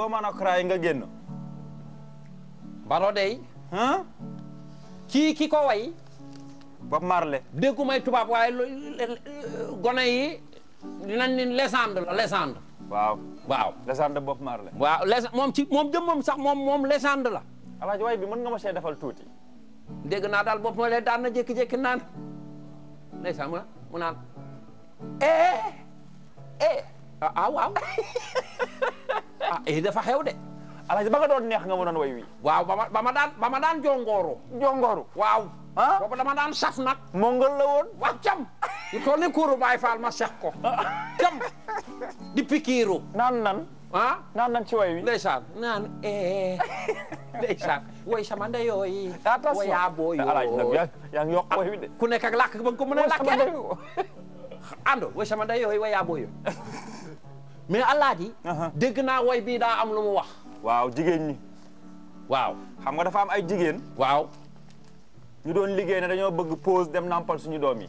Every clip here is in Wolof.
boo mën a cray nga génn baro dey kii ki ko way Bob may tubaab waaye gone yi dinañ ni légende la légende waaw waaw légende Bob Marley waaw légende moom ci moom sax moom moom légende la alaaji waay bi mën nga ma see defal tuuti dégg naa daal Bob Marley daan na jékki-jékki naan ndeysaan mu mu naan eh eh, eh ah, ah waaw ah eh dafa xew de. alaaji ba nga doon neex nga ma doon way wi. waaw ba ma ba ma daan daan jongooru. jongooru waaw. ah boobu daan saf nag. mongol la woon waaw cam. yu toll Baay Faal ma seq ko. Ah. cam di pikiiru. naan nan. ah naan nan ci way wi. ndeysaan naan eh ndeysaan. woy sama ndeyoo yi. attention woy way wi ku nekk ak làkk ba nga ko mën a làkkee. ànd woy sama ndeyoo yi woy aboo mais alaaji. Uh-huh. dégg naa way bii daa am lu mu wax. waaw jigéen ñi. waaw xam nga dafa am ay jigéen. waaw. ñu doon liggéey ne dañoo bëgg pause dem nampal suñu doom yi.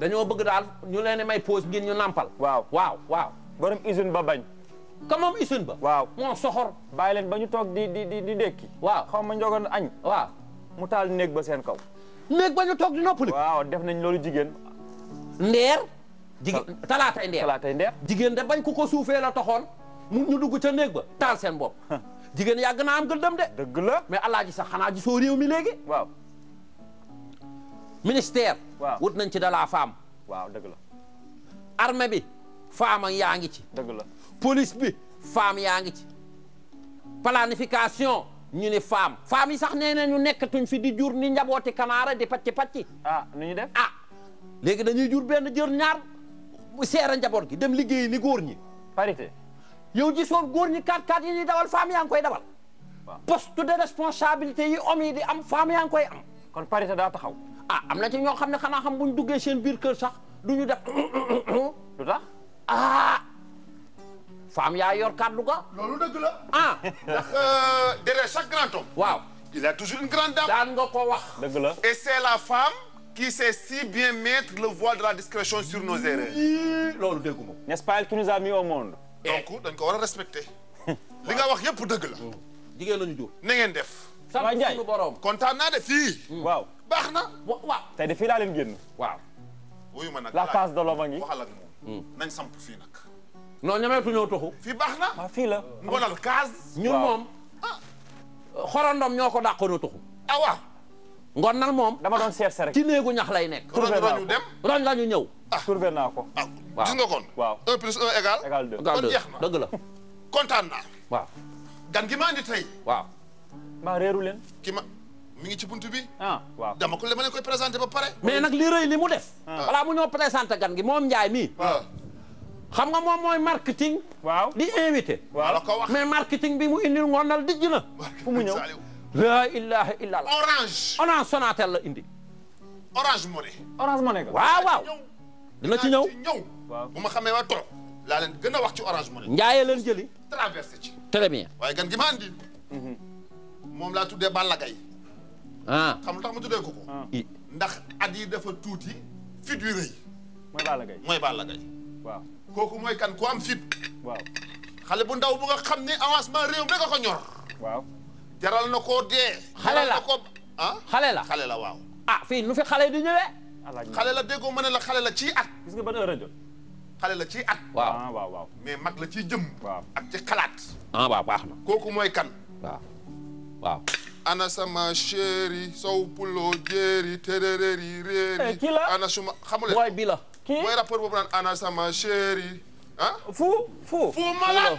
dañoo bëgg daal ñu leen di may pause ngir ñu nampal. waaw waaw waaw. borom usine ba bañ. ka moom ba. waaw moo soxor. bàyyi leen ba ñu toog di di di di dékki. waaw xaw ma njogoon añ. waaw mu taal néeg ba seen kaw. néeg ba ñu toog di noppali. waaw def nañ loolu jigéen. ndeer. jigéen talaatay ndeer talaatay ndeer de bañ ku ko suufee la toxoon mu ñu dugg ca néeg ba taal seen bopp jigéen yàgg naa am gëldëm de dëgg la mais alaaji sax xanaa ji soo réew mi léegi waaw ministère wut nañ ci dalaa femme waaw dëgg la armée bi femme yaa ngi ci dëgg la police bi femme yaa ngi ci planification ñu ni femme femme yi sax nee na ñu tuñ fi di jur ni njabooti kanaara di pacci pacci ah nu ñu def ah léegi dañuy jur benn jër ñaar mu seera njaboot gi dem liggéey ni góor ñi. parité. yow gisoon góor ñi 4-4 yi ñuy dawal femme yaa ngi koy dawal. poste de responsabilité yi hommes yi di am femme yaa ngi koy am. kon parité daa taxaw. Ah, am na ci ñoo xam ne xanaa xam bu ñu duggee seen biir kër sax du ñu def. lu tax ah. femme yaa yor kàddu ga. loolu dëgg la. ah ndax euh, derrière chaque grand a nga ko wax. dëgg la et c'est la femme. qui sait si bien mettre le voile de la discrétion sur nos erreurs. loolu dégg nga. n'est-ce pas elle qui nous a mis au monde. Eh, donc dañ ko war a respecter. li nga wax yëpp dëgg la. Mm. jigéen la ñu jóg. na ngeen def. waaw Ndiaye kontaan naa de fii. Mm. waaw baax na waaw. tey de fii laa leen génn. waaw. wuyu ma nag la place de l'homme a ngi. waxal ak moom. Mm. nañ samp fii nag. non ñameetu ñoo toxu. fii baax na. waaw ah, fii la. ngonal kaas. ñun moom. Ah. xorondom ñoo ko dàqoon a toxu. ah waaw. ngonnal moom. dama doon seet rek ci ñax lay nekk. roñ la ñu dem roñ la ñu ñëw. ah naa ko. Ah. waaw gis nga kon. waaw un plus un égal. égal deux kon la. kontaan naa. waaw. gan gi maa réeru leen. ki ma mi ngi ci buntu bi. ah waaw dama ko dama leen koy présenté ba pare. mais nag li rëy li mu def. Ah. balaa mu présenté gan gi moom Ndiaye mii. Ah. xam nga moom mooy marketing. waaw di invité. waaw la ko wax mais marketing bi mu indil ngonnal dijj na. fu mu ñëw. la ilaha illa orange orange Sonatel la indi orange money orange money waaw waaw dina ci ñëw ñëw bu ma xamee ma toog laa leen gën a wax ci orange money njaayee leen jëli traversé ci très bien waaye gan gi ma mhm. moom laa tuddee Balla Gaye ah xam lu tax ma tuddee ah. ndax at yi dafa tuuti fit wi rëy mooy Balla Gaye mooy mooy kan ku am fit waaw xale bu ndaw bu nga xam ne avancement réew ko ñor waaw jaral na koo dee. xale la ah xale la xale la waaw. ah fii nu fi xale di ñëwee. xale la déggoo ma ne la xale la ci at. gis nga ban xale la ci at. waaw ah, waaw waaw. mais mag la ci jëm. waaw ak ci xalaat. ah waaw baax na. kooku mooy kan. waaw waaw. ana sama chéri sow pulo jéeri tërërëri réeri. Eh, kii la ana suma xamule. booy bi la kii mooy rapport boobu naan ana sama chéri ah. fu fu fu mala.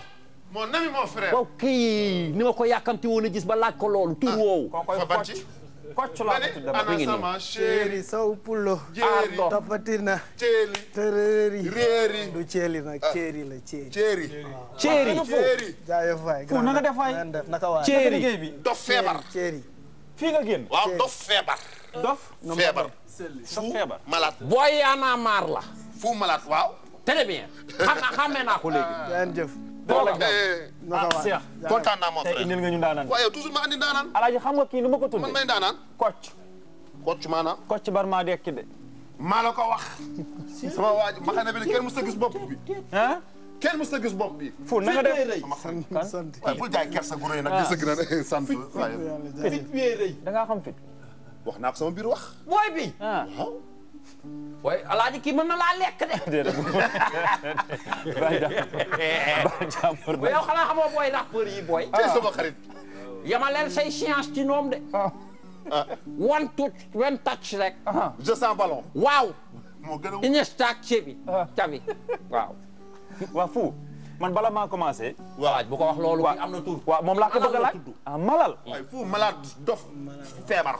mon ami mon frère. mbokk yi ni ma ko yàkkamti woon a gis ba laaj ko loolu tur ah, woowu. kocc laa ko tudd dama mi saw pullo tapatina céeri tërëri du céeri nag ah. céeri la céeri céeri céeri jaayëf waay fii nga génn waaw dof feebar dof feebar fu feebar malade maar la fu malade waaw très bien xam xamee naa ko léegi ah. Eh, ah, kontaan a mon frère tey indil nga ñu ndaanaan waaye toujours ma andi ndaanaan alaaji xam nga kii lu ma ko tudd man may ndaanaan kocc kocc maanaam kocc bar maa dekki de maa la ko wax sama waa ji ma xam ne bi kenn mës a gis bopp bi ah bi fu na nga def waaye bul jaay kersa gu rëy na ah. gis nga ne sant fit bi rëy da ngaa xam fit wax naa ko sama biir wax booy bi ah. waaye alaaji kii mën na laa lekk de. déedéet ba jàmbur ba yow xanaa xamoo booy rappeur yi booy. ah sama xarit. yama leen say science ci noom de. ah. waaw. moo gën a Iniesta waaw. man bala maa commencé. waaw bu ko wax loolu. am na tur waaw moom malal. feebar.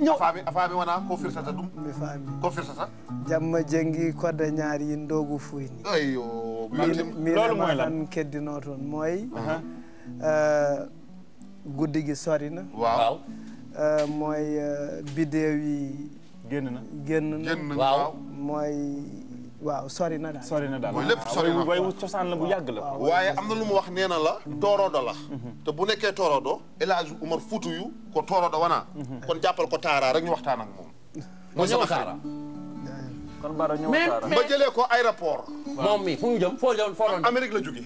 ñëw afaaɓe afaaɓe wona ko firtata ɗum jamma janggi kodda ñaari yin dogu fuyni eyyo minema tan keddino toon uh-huh. uh, sorina uh, moy uh, bideewi gennna moy waaw sori na daal na daal mooy lépp sori na waaye cosaan bu yàgg la waaye am na lu mu wax nee na la toorodo la mhm. te bu nekkee toorodo El Hadj Umar Fuutu yu ko toorodo wanaa mhm. kon jàppal ko taara rek ñu waxtaan ak moom mooy sama taara kon Baro ñëw taara ba jëlee ko aéroport moom mi fu ñu jëm foo jëm foo doon Amérique la jóge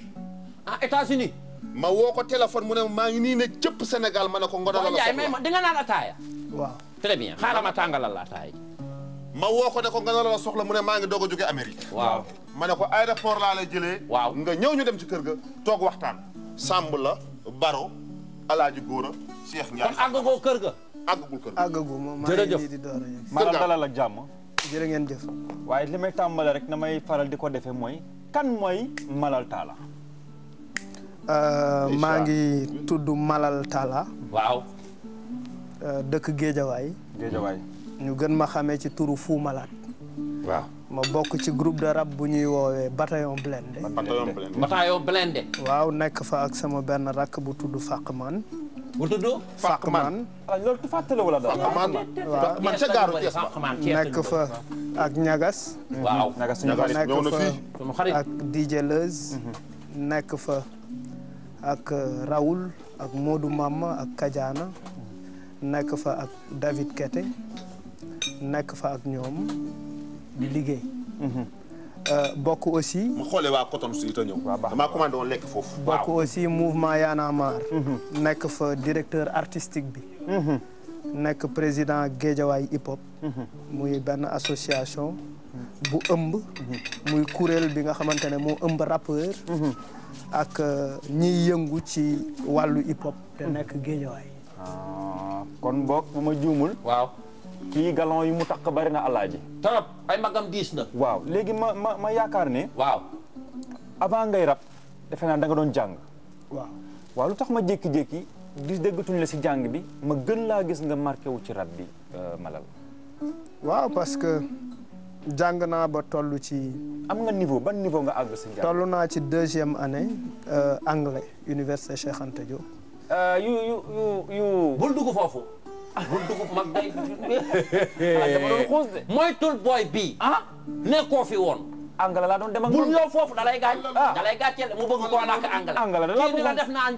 ah États-Unis ma woo ko téléphone mu ne maa ngi nii ne cëpp Sénégal ma ne ko ngodala la soxla ma di nga naan ataaya waaw très bien xaaral ma tàngalal la ataaya ma woo ko ne ko nga ne la soxla mu ne maa ngi doog a jóge Amérique. waaw ma ne ko aéroport laa lay jëlee. waaw nga ñëw ñu dem ci kër ga toog waxtaan. Samb la Baro Alaaji Góora Cheikh Ndiaye. kon àggagoo kër ga. àggagul kër ga àggagul moom maa ngi nii di door a yegg. maa dalal ngeen jëf. waaye li may tàmbale rek na may faral di ko defee mooy. kan mooy Malal taala euh, maa ngi tudd Malal Talla. waaw. Euh, dëkk Géejawaay. ñu gën ma xamee ci turu Fou Malade. waaw ma bokk ci groupe de rap bu ñuy woowee Bataillon Blindé. Bataillon Blindé. waaw nekk fa ak sama benn rakk bu tudd Fakman. bu tudd Fakman. Ah, man nekk fa ak Ñagas. waaw Ñagas mhm. nekk fa ak DJ nekk fa ak Raoul ak Modou Mama ak kajaana mhm. nekk fa ak David Kete. nekk fa ak ñoom di liggéey. Mhm. Euh, bokk aussi. mu xoolee waa coton su a ñëw. waaw baax damaa commandé woon lekk foofu. bokk aussi mouvement Y'en a marre. Mhm. nekk fa directeur artistique bi. Mhm. nekk président géejawaay hip hop. muy benn association. bu ëmb. muy kuréel bi nga xamante ne moo ëmb rappeur. ak euh, ñiy yëngu ci wàllu hip hop. te nekk Guédiawaye. Ah, kon bokk bu ma juumul. kii galon yi mu takk bari na alaaji. trop ay magam diis na. waaw léegi ma ma ma yaakaar ne. waaw. avant ngay rab defe naa da nga doon jàng. waaw waaw lu tax ma jékki-jékki gis déggatuñ la si jàng bi ma gën laa gis nga marqué wu ci rab bi euh, Malal. waaw parce que jàng naa ba toll ci. am nga niveau ban niveau nga àgg si jàng. toll naa ci deuxième année euh, anglais université Cheikh Anta Diop. Euh, yu yu yu. bul dugg foofu. bu dugub mag day dama doon xuus de moytul booy bii ah nekkoo fi woon angala laa doon dem ak bu ñëw foofu da lay gaañ ah. da lay gàcceel mu bëgg koo nakk angala angala kii ni la def naa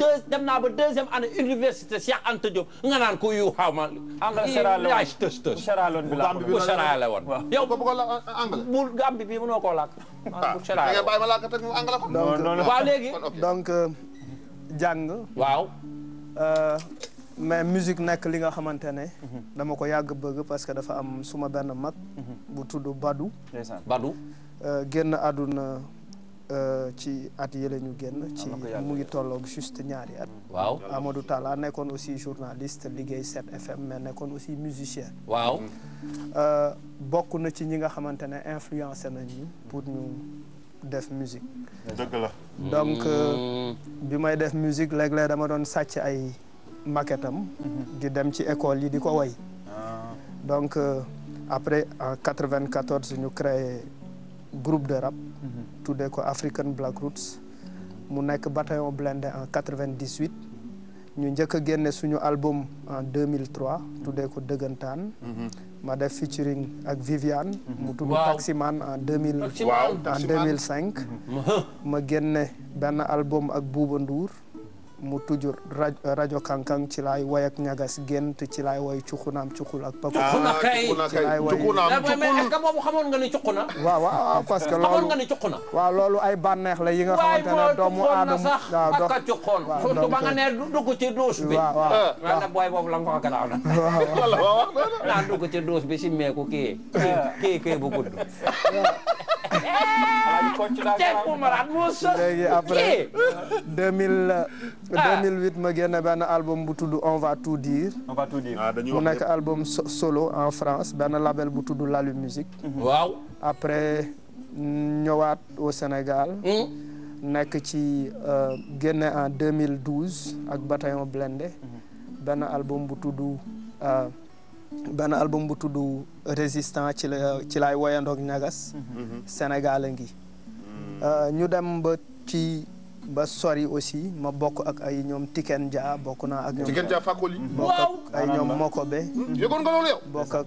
deux dem naa ba deuxième année université Cheikh Anta Diop nga naan ko yu xaw ma angala seraaloon tës tës seraaloon bi la bu seraale woon yow ko bëggoon la angala bu gambi bi mënoo koo làkk ah. bu seraale nga bàyyi ma làkk teg mu angala ko waaw léegi donc euh, jàng waaw euh, mais musique nekk li nga xamante ne. Mhm. dama ko yàgg bëgg parce que dafa am suma benn mag. Mhm. bu tudd Badou. Badou. Euh, génn àdduna euh, ci at yële ñu génn. ci mu ngi tolloog juste ñaari at. Mhm. waaw Amadou Talla nekkoon aussi journaliste liggéey 7FM mais nekkoon aussi musicien. waaw. Euh, bokk na ci ñi nga xamante ne influencé nañu pour ñu. def musique donc mm. bi may def musique léeg-léeg dama doon sàcc ay maquette mhm. di dem ci école yi di ko woy ah. donc euh, après en 94 ñu créé groupe de rap mhm. tuddee ko African Black Roots mu nekk bataillon blindé en 98 ñu njëkk a génne suñu album en 2003 tuddee ko dëggantaan mhm. ma def featuring ak Viviane mu tudd Taximan en 2000 en 2005 ma génne benn album ak Bouba Ndour mu tujur rajo kankang ci laay woy ak ñagas gént ci laay woy cuqunaam cukul ak pakul ah, ci laay woy eh, est-ce parce que loolu xamoon ay bànneex la yi nga xamante ne doomu aadama waaw do ka ba nga ne dugg ci bi ah, si meeku kii kii bu gudd léegi après 2000 2008 ma génne benn album tudd On va tout dire. Ah, mu nekk album solo en France benn label bu tudd Lalu Musique. Mhm. waaw après ñëwaat au Sénégal. Mhm. nekk ci euh, génne en 2012 ak Bataillon Blindé mhm. benn album bu tudd. Euh, benn album bu tudd résistant ci la ci laay woyandoog ñagas mm-hmm. Sénégal a ngi mm-hmm. euh, ñu dem ba ci ba sori aussi ma bokk ak ay ñoom Tiken Jah bokk na ak ñoom Tiken Jah Fakoli bokk ak ay ñoom Mokobe mm-hmm. yëgoon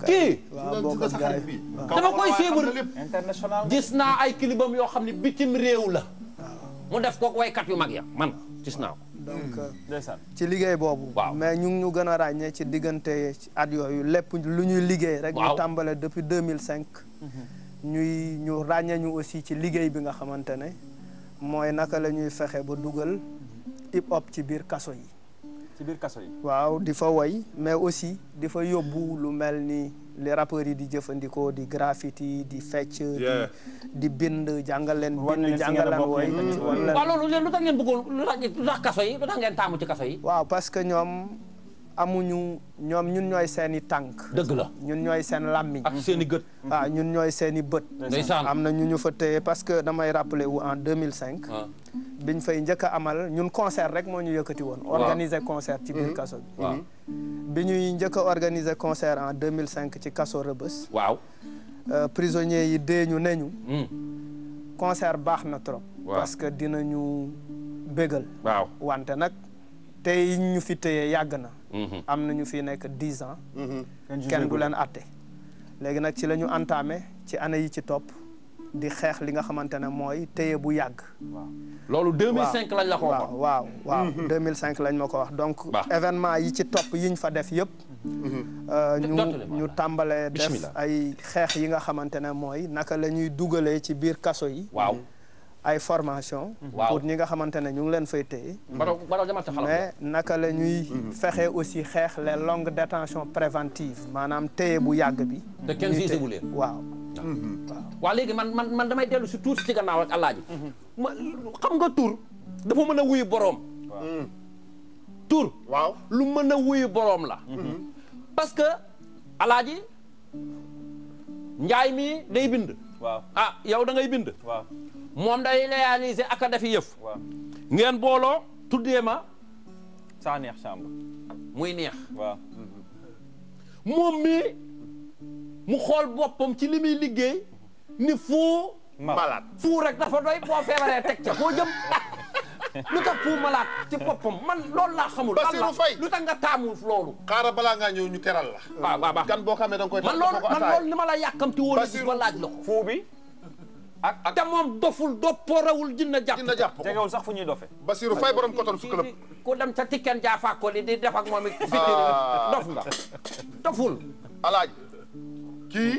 kii waaw bokk ak gars yi dama koy suivre international gis naa ay kilibam yoo xam ne bitim réew la mu def kook waykat yu mag ya man gis donc hmm. euh, ci liggéey boobu mais ñu ngi ñu gën a ràññee ci diggante at yooyu lépp lu ñuy liggéey rek ñu tàmbale depuis 2005 hmm. ñuy ñu ràññee ñu aussi ci liggéey bi nga xamante ne mooy naka lañuy ñuy fexe ba dugal hip hop ci biir kaso yi biir kaso yi waaw di fa woy mais aussi di fa yóbbu lu mel nii les rappeurs yi di jëfandikoo di graffiti di fecc. di bind jàngal leen. bind jàngal leen wooy waaw loolu lu tax ngeen bëggoon lu tax lu yi lu tax ngeen taamu ci kaso yi. waaw parce que ñoom amuñu ñoom ñun ñooy seeni i tànk. dëgg la ñun ñooy seen làmmiñ. ak seen gët. waaw ñun ñooy seen i bët. am na ñu ñu fa téye parce que damay rappelé wu en 2005. biñ fay njëkk amal ñun concert rek moo ñu yëkkati woon. organiser concert ci biir mhm. kaso bi. bi ñuy njëkk a organiser concert en 2005 ci kaso Rebeuss. waaw euh, prisonniers yi dee ñu ne ñu. Hmm. concert baax na trop. parce que dina ñu bégal. waaw wante nag tey ñu fi téye yàgg na. Hmm. am na ñu fi nekk dix ans. Hmm. kenn du leen atte léegi nag ci la ñu entamé ci année yi ci topp. di xeex li nga xamante ne mooy téye bu yàgg. loolu 2005 lañ la ko wax. waaw waaw 2005 lañ ma ko wax donc. événement yi ci topp ñu fa def yëpp. Mm-hmm. Euh, mm-hmm. ñu ñu tàmbalee def ay xeex yi nga xamante ne mooy naka la ñuy dugalee ci biir kaso yi. waaw ay formation mm-hmm. pour ñi nga xamante ne ñu ngi leen fay téye. mais naka la ñuy. fexe aussi xeex les longues détentions préventives maanaam téye bu yàgg bi. waaw. Mhm. waaw léegi man man man damay dellu si tuuti ci gannaaw ak alaaji mhm. xam nga tur dafa mën a wuy boroom mhm. tur lu mën a wuy boroom la parce que alaaji njaay mii day bind waaw ah yow da ngay bind waaw moom day réaliser ak a defi yëf ngeen booloo tuddee ma saa neex sàmb muy neex moom mii mu xool boppam ci li muy liggéey ni fuu malade fuu rek dafa doy boo feebaree tek ca foo jëm lu tax fuu malade ci boppam man loolu laa xamul Bassirou Faye lu tax nga taamul loolu xaaral balaa ngaa ñëw ñu teral la waaw waaw gan boo xamee da nga koy man loolu ma la yàkkamti woon gis ma laaj la ko fuu bi ak te moom doful dopporawul jinna jàpp jinna jàpp tegewul sax fu ñuy dofe Bassirou Faye borom koton su club ku dem ca tikken jaafaa ko li di def ak moom it ah. dof nga doful kii.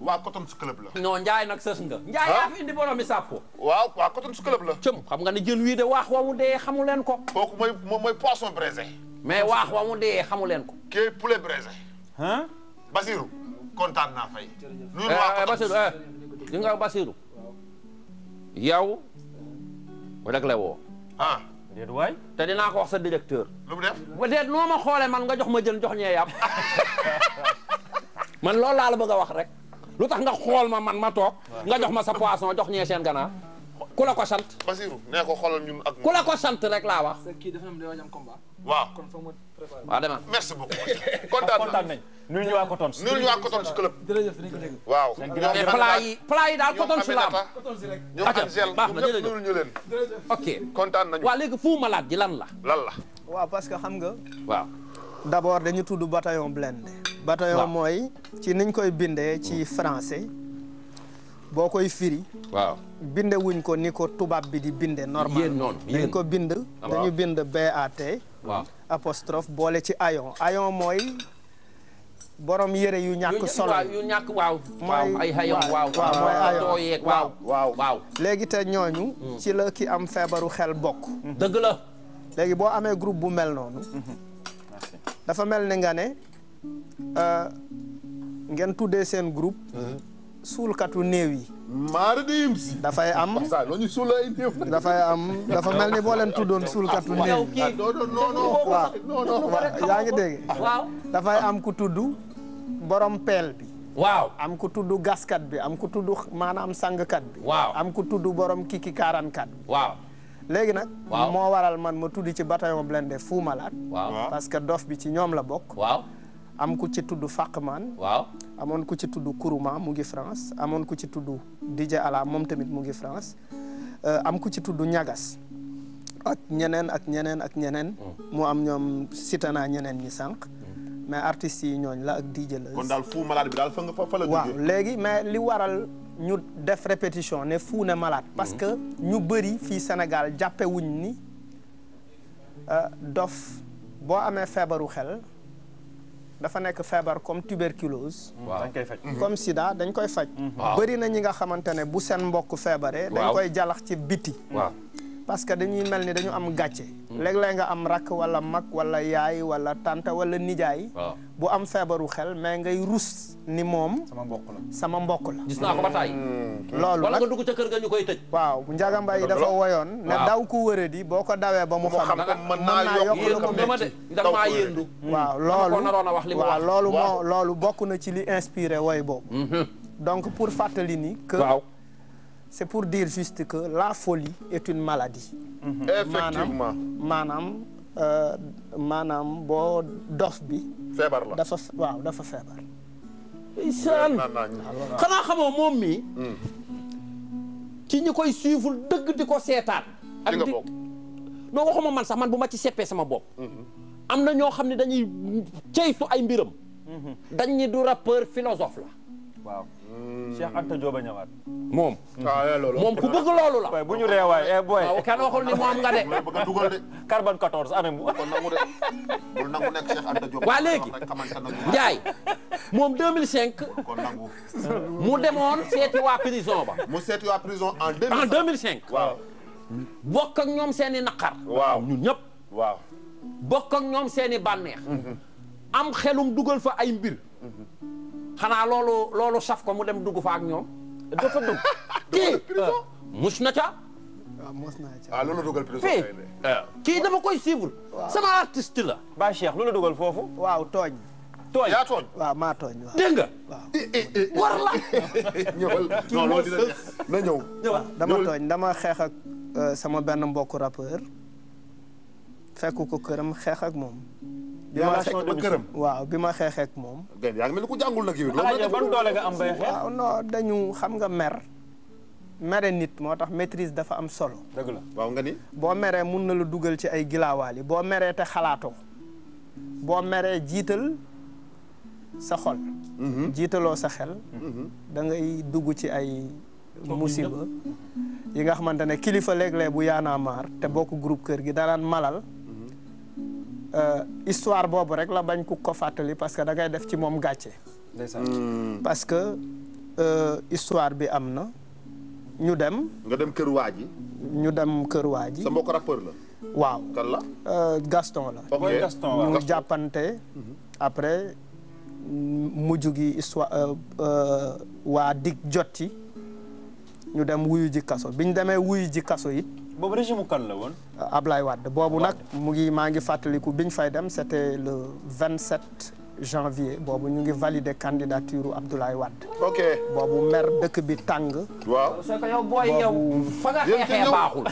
waa coton su club la. non Ndiaye nag sës nga. Ndiaye yaa fi indi borom i sàppo. waaw waa coton su club cëm xam nga ne jën wii de waax wa mu dee xamu leen ko. kooku mooy mooy poisson braisé. mais waax wa mu dee xamu leen ko. kii poulet braisé. ah. Basirou kontaan naa fay. nuyu waa eh, Basirou di eh, nga Basirou. yow. la woo. ah. déet waay. te dinaa ko wax sa directeur. lu mu def. déet ma xoolee man nga jox ma jën jox ñee yàpp. man loolu laa la bëgg a wax rek lu tax nga xool ma man ma toog nga jox ma sa poisson jox ñee seen ganaar ku la ko sant. Basirou nee ko xoolal ñun ak. ku la ko sant rek laa wax. kii dafa am am combat. waaw kon foog ma préparer. waaw dama merci beaucoup. kontaan nañ kontaan nañ. nuyu ñu waa Coton. nuyu ñu waa Coton ko dégg. waaw plat baax na jërëjëf kontaan nañu. waaw léegi Fou Malade ji lan la. lan la. waaw parce que xam nga. waaw. d'abord dañu tudd bataillon blindé bataillon mooy ci niñ koy bindee ci français boo koy firi waaw ko ni ko tubaab bi di bindee normal dañ ko bind ah, dañu bind BAT waaw apostrophe boole ci ayon ayon mooy boroom yére yu ñàkk solo yu ñàkk waaw léegi te ñooñu hmm. ci la ki am feebaru xel bokk dëgg la léegi boo amee groupe bu mel noonu hmm. dafa mel ni nga ne euh, ngen tuddee seen groupe. Uh-huh. suulkatu néew yi. dafay am saa suul ay néew. dafay am dafa mel ni boo leen tuddoon suulkatu néew. ah yaa ngi dégg. dafay am ku tudd borom peel bi. waaw am ku tudd gaskat bi am ku tudd maanaam sangkat bi. waaw am ku tudd borom kiki kaarankat bi. waaw. léegi nag. waaw moo waral man ma tudd ci bataillon blindé Fou Malade. waaw parce que dof bi ci ñoom la bokk. waaw am ku ci tudd Fakman. waaw amoon ku ci tudd Kourouma mu ngi France amoon ku ci tudd Didier Alla moom tamit mu ngi France euh, am ku ci tudd Ñagas. ak ñeneen ak ñeneen ak ñeneen. Hmm. mu am ñoom cité naa ñeneen ñi sànq. Hmm. mais artistes yi ñooñ la ak DJ la. kon daal Fou Malade bi daal fa la. waaw léegi mais li waral. ñu def répétition ne Founé malaat parce que ñu bëri fii Sénégal jàppewuñ ni euh, dof boo amee feebaru xel dafa nekk feebar comme tuberculose. dañ comme sida dañ koy faj. bëri na ñi nga xamante ne bu seen mbokk feebaree. dañ koy jalax ci biti. parce que dañuy mel ni dañu am gàcce. Mm. léeg-léeg nga am rakk wala mag wala yaay wala tante walla nijaay. bu am feebaru xel mais ngay rus ni moom. sama mbokk la sama mbokk gis naa ko mm, loolu wala nga dugg ca kër ga ñu koy tëj. waaw njagamba yi dafa woyoon. ne daw ku wërë di boo ko dawee ba mu xam. mën naa yokk lu mm. ko métti daw maa yéendu. waaw loolu waaw loolu moo bokk na ci li inspiré woy boobu. Mm-hmm. donc pour fàttali nii que. c'est pour dire juste que la folie est une maladie. Mhm. effectivement maanaam euh, maanaam boo dof bi. feebar la dafa feebar. isaan xanaa xamoo moom mi hmm. ci ñi koy suivre dëgg di ko seetaan. ak di non waxuma man sax man bu ma ci seppee sama bopp. Hmm. am na ñoo xam ne dañuy ceytu ay mbiram. Hmm. dañ ni du rappeur philosophe la Hmm. Cheikh Anta Diop a ñëwaat. moom. Ah, eh, moom ku bëgg loolu la. bu ñu ree waay eh, booy. kenn waxul ni moom nga de. bëgg a dugal de. carbone 14 année bu. kon nangu de bul nangu nekk Cheikh Anta Diop. waa léegi Ndiaye moom 2005. kon nangu. mu demoon seeti waa prison ba. mu seeti waa prison en 2005 en 2005. waaw. bokk ak ñoom seeni i naqar. waaw ñun ñëpp. waaw. ak ñoom seeni i bànneex. Mm-hmm. am xelum dugal fa ay mbir. Mm-hmm. xanaa loolu loolu saf ko mu dem dugg fa ak ñoom dafa dugg kii ah, mus na ca waaw ah, mos naa ca waaw ah, loolu dugal kii dama koy suivre. sama artiste la. Baye Cheikh loolu dugal foofu. waaw tooñ. tooñ yaa tooñ. waaw maa tooñ waaw. waaw eh, eh, eh, dama tooñ dama xeex euh, sama benn mbokku rappeur fekk ko këram xeex ak moom. bi ma fekk ba waaw bi ma xeexee ak moom. yaa ngi ku jàngul nag yow. loolu ban doole am bay xeex. waaw non dañu xam nga mer. mere nit moo tax maîtrise dafa am solo. dëgg nga ni. boo meree mun na la dugal ci ay gilaawaal boo meree te xalaatoo boo meree jiital sa xol. Mm-hmm. jiitaloo sa xel. Mm-hmm. dangay dugg ci ay musiba. yi nga xamante ne kilifa léeg-léeg bu yaanaa maar te bokk groupe kër gi danaan malal. Euh, histoire boobu rek la bañ ku ko fàttali parce que da ngay def ci moom gàcce. Mm. parce que euh, histoire bi am na. ñu dem. nga dem kër waa ji. ñu dem kër waa ji. sa mbokk rappeur la. waaw euh, Gaston la. ok Gaston waaw ñu jàppante. Mm-hmm. après mujj gi histoire waa dig jot ci ñu dem wuyu ji kaso bi ñu demee wuyu ji kaso it. boobu régime kan la woon. Ablaye Wade boobu nag mu ngi maa ngi fàttaliku biñ fay dem c'était le 27 janvier boobu ñu ngi valider candidature Abdoulaye Wade. ok boobu mer dëkk bi tàng. waaw parce que yow booy yow. fa nga xeexee baaxul.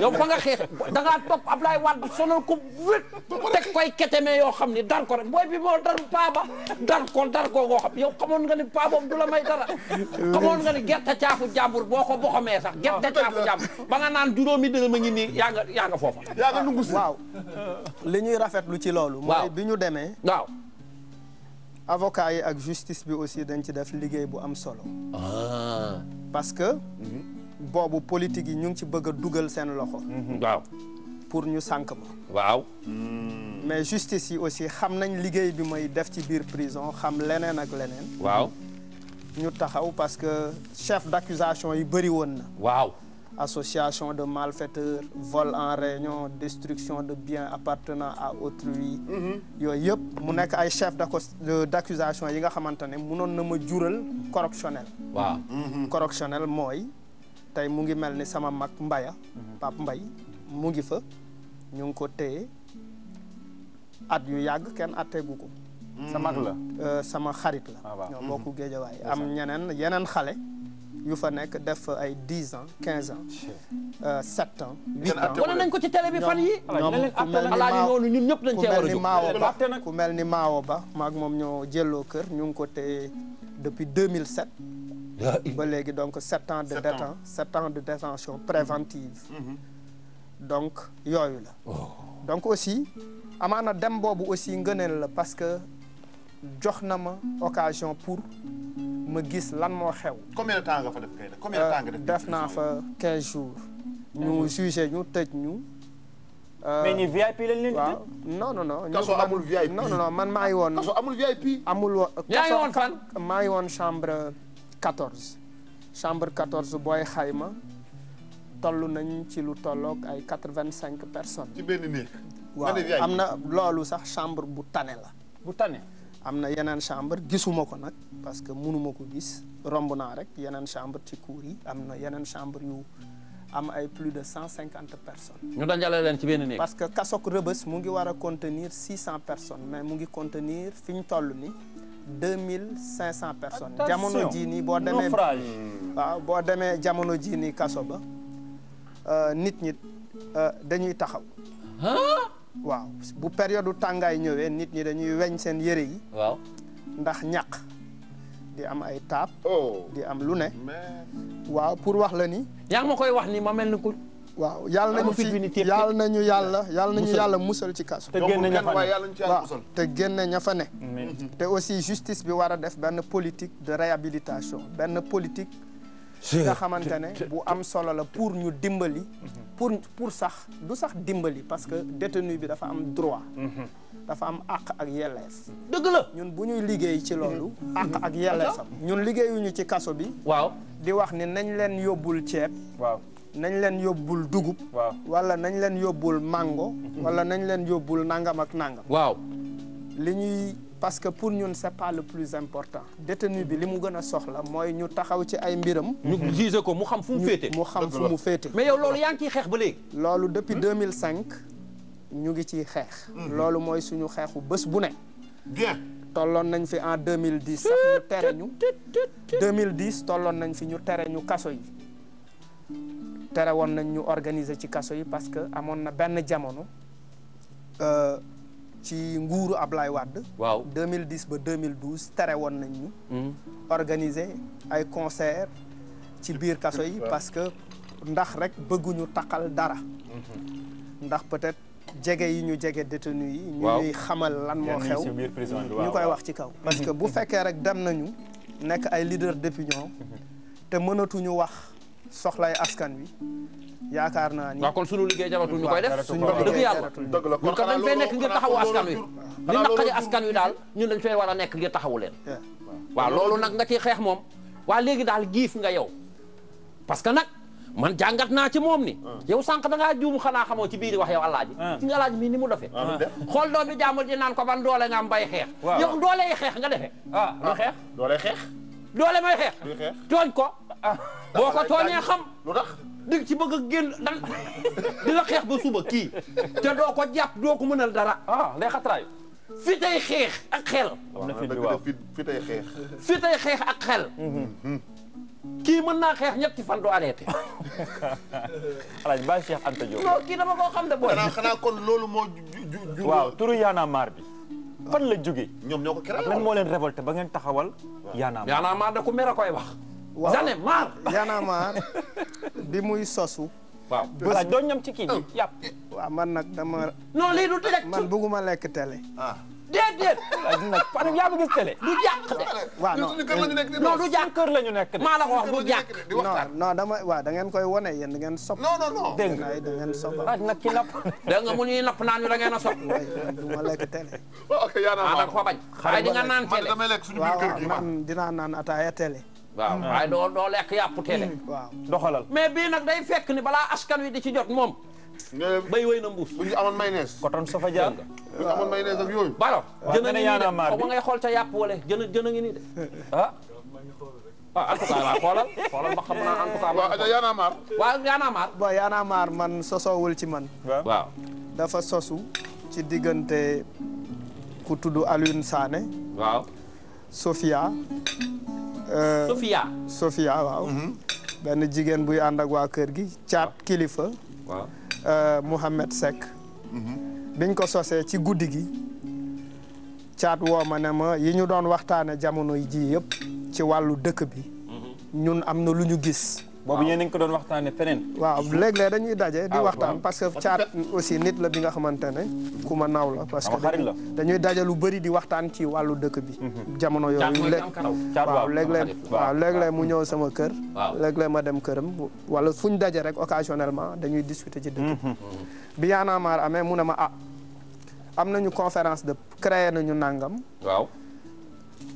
yow fa nga xeexee da ngaa topp Abdoulaye Wade sonal ko wét. teg koy me yoo xam ni dar ko rek booy bi moo dar paaba dar ko dar ko goo xam yow xamoon nga ni paa boobu du dara. xamoon nga ni gerte caafu jàmbur boo ko boxamee sax. gerte caafu jàmbur ba nga naan juróomi dërëm ma ngi nii yaa nga yaa nga foofa. yaa nga nungu si rafetlu ci loolu. waaw mooy bi ñu demee avocat yi ak justice bi aussi dañ ci def liggéey bu am solo. Ah. parce que. boobu politique yi ñu ngi ci bëgg a dugal seen loxo. pour ñu sànq ma. waaw. mais justice yi aussi xam nañ liggéey bi may def ci biir prison xam leneen ak leneen. waaw. ñu taxaw parce que chef d' accusation yi bëri woon na. waaw. association de malfaiteurs vol en réunion destruction de biens appartenant à autrui mhm. yooyu yëpp mu nekk ay chef d'accusation yi nga xamante ne munoon na ma jural correctionnel waaw mhm. mooy tey mu ngi mel ni sama mag Mbaya mhm. Pape Mbaye mu ngi fa ñu ngi ko téye at yu yàgg kenn atteegu ko sama la euh, sama xarit la ah, ñoo bokku géejawaay am ñeneen yeneen xale yu fa nekk def ay dix ans quinze ans euh, sept ans huit ans. wala nañ ko ci télé bi yi ñëpp dañ cee ku mel ni maawo ba maag moom ñoo jëloo kër ñu ngi ko téye depuis deux 2007. ba léegi donc sept ans de détention de détention préventive mm-hmm. donc yooyu la oh. donc aussi amaana dem boobu aussi ngëneel la parce que jox na ma occasion pour ma gis lan moo xew. combien de def de euh, temps nga def. naa fa 15 jours. ñu jugé ñu tëj ñu. Euh, mais ñi VIP lañ leen waaw non non non. amul VIP man maa ngi woon. amul VIP. amul woon yaa maa ngi woon chambre 14. chambre 14 booy xayma toll nañ ci lu tolloog ay 85 personnes. ci benn néeg. waaw am na loolu sax chambre bu tane la. bu tane am na yeneen chambre gisuma ko nag. parce que mënuma ko gis romb naa rek yeneen chambre ci cours yi am na yeneen chambre yu am ay plus de cent cinquante personnes. ñu dajale leen ci benn néeg. parce que kasoog rëbës mu ngi war a contenir six cent personnes mais mu ngi contenir fi ñu toll ni deux mille cinq cent personnes. jamono jii nii boo demee waaw boo demee jamono jii nii kaso ba euh, nit ñi euh, dañuy taxaw. waaw bu période tàngaay ñëwee nit ñi dañuy weñ seen yëre yi. waaw ndax ñàq. di am ay taab. Oh. di am lu ne. waaw pour wax la ni. yaa ngi ma koy wax ni ma mel na ku. waaw yàlla nañu fi yàlla nañu yàlla yàlla nañu yàlla musal ci kaso. te génne ña fa ne waaw te génne ña fa ne. te aussi justice bi war a def benn politique de réhabilitation benn politique. nga xamante ne bu am solo la pour ñu dimbali. Mhm. pour pour sax du sax dimbali parce que détenu bi dafa am droit. Mhm. dafa am àq ak yelleef. dëgg la ñun bu ñuy liggéey ci loolu. Mhm. àq ak yelleefam ñun liggéeyuñu ci kaso bi. waaw di wax ni nañ leen yóbbul ceeb. waaw nañ leen yóbbul dugub. waaw wala nañ leen yóbbul mango. Mhm. wala nañ leen yóbbul nangam ak nangam. waaw li ñuy. parce que pour ñun c'est pas le plus important détenu bi li mu gën a soxla mooy ñu taxaw ci ay mbiram ñu mhm. ko mu xam fu mu féete xam fu mu féete mais yow loolu yaa ngi ciy xeex ba léegi loolu depuis 2005 hmm? ñu ngi ci xeex. Mhm. loolu mooy suñu xeexu bés bu ne. bien tolloon nañ fi en 2010 sax ñu tere ñu. 2010 tolloon nañ fi ñu tere ñu kaso yi. tere woon nañ ñu organiser ci kaso yi parce que amoon na benn jamono euh, ci nguuru Ablaye Wade. waaw 2010 ba 2012 tere woon nañ ñu. Mhm. organiser ay concert ci biir kaso yi parce que ndax rek bëgguñu taqal dara. Mhm. ndax peut-être. jege yi ñu jege détenu yi. ñu ñuy xamal lan moo xew ñu koy wax ci kaw. parce que bu fekkee rek dem nañu nekk ay leader d'opinion te mënatu ñu wax soxlay askan wi yaakaar naa ni. waaw kon suñu liggéey jaratu ñu koy def suñu dëgg yàlla ñun kat dañ fee nekk ngir taxawu askan wi. li naqari askan wi daal ñun dañ fee war a nekk ngir taxawu leen. waaw loolu nag nga ciy xeex moom. waa léegi daal giif nga yow parce que nag. man jàngat naa ci moom ni ah. yow sànq da ngaa juum xanaa xamoo ci biir wax yow alaaji ah. ci nga alaaji mii ni mu dofe ah, xool doomi jaamul ji naan ko ban doole nga bay xeex yow doole yi xeex nga defe lu xeex doole xeex doole may xeex tooñ ko boo ko tooñee xam lu tax dig ci bëgg a génn dan dina xeex ba suba kii te doo ko jàpp doo ko mënal dara ah lay xeex ak xel fi tey xeex fi tey xeex ak xel mm-hmm. kii mën naa xeex ñetti fan du arrêté. alaaj ba Cheikh Anta Diop. kii dama koo xam de booy. xanaa xanaa kon loolu moo ju ju. waaw turu yaana maar bi. fan la jógee. ñoom ñoo ko créé moo leen révolté ba ngeen taxawal. yaana maar yaana maar da ku mer koy wax. waaw zane maar. yaana maar bi muy sosu. waaw alaaj doo ñam ci kii bi yàpp. man nag dama. non lii direct man bëgguma lekk télé. Ah. déedéet nag Fatick yaa ngi gis télé du jàq de waaw non du kër la ñu nekk de maa la ko wax du jàq non non dama waaw da ngeen koy wone yéen da ngeen sopp non non non dégg nga da ngeen sopp nag ci napp da nga mu ñuy napp naan ñu da ngeen a sopp du ma lekk télé ah, ah da ko bañ xay di nga naan télé waaw man dinaa naan ataaya télé waaw waaye doo lekk yàpp télé waaw doxalal hmm, nag day fekk ni balaa askan wi di ci jot moom bay wéy na mbuus bu ñu amoon mayonnaise coton sofa jàng bu ñu amoon mayonnaise ak yooyu balo jën a ngi nii de ba ngay xool ca yàpp wala jën jën a ngi nii de ah ah en tout cas waaw xoolal xoolal ma xam naa en tout cas. waaw Y'en a marre. waaw Y'en a marre. bon Y'en a marre man sosoowul ci man. waaw dafa sosu ci diggante ku tudd Alioune Sané. waaw. Sofia. Euh, Sofia. Sofia waaw. Mhm. benn jigéen buy ànd ak waa kër gi caat kilifa. waaw. Euh, Mouhamed Seck mhm. biñ ko sosee ci guddi gi caat woo ma ne ma yi ñu doon waxtaane jamono ji yëpp ci wàllu dëkk bi mhm. ñun am na lu ñu gis boobu yéen a ngi ko doon waxtaanee feneen. waaw léeg-léeg dañuy daje. di ah, waxtaan parce que caat aussi nit la bi nga xamante ne. ku ma naaw la parce que dañuy daje lu bëri di waxtaan ci wàllu dëkk bi. Mhm. jamono yooyu léeg waaw léeg-léeg waaw léeg-léeg mu ñëw sama kër. léeg-léeg ma dem këram wala fu ñu daje rek occasionnellement dañuy discuter ci dëkk bi. Mhm. bi naa maar amee mu ne ma ah am nañu conférence de créer nañu nàngam. waaw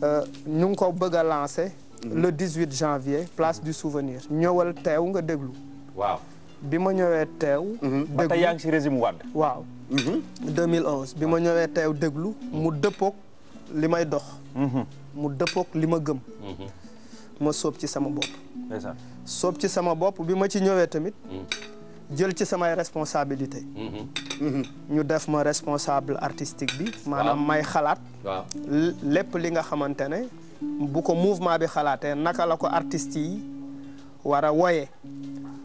euh, ñu ngi ko bëgg a lancer. le 18 janvier place du souvenir ñëwal teew nga déglu. waaw bi ma ñëwee teew. Mhm. déglu ba yaa ngi si régime Wade. waaw. 2011 mhm. bi ma ñëwee teew déglu mu dëppook li may dox. Mhm. mu dëppook li ma gëm. ma soob ci sama bopp. soob ci sama bopp bi ma ci ñëwee tamit. jël ci samay responsabilité ñu def ma responsable artistique bi. maanaam may xalaat. lépp li nga xamante ne. bu ko mouvement bi xalaatee naka la ko artistes yi war a woye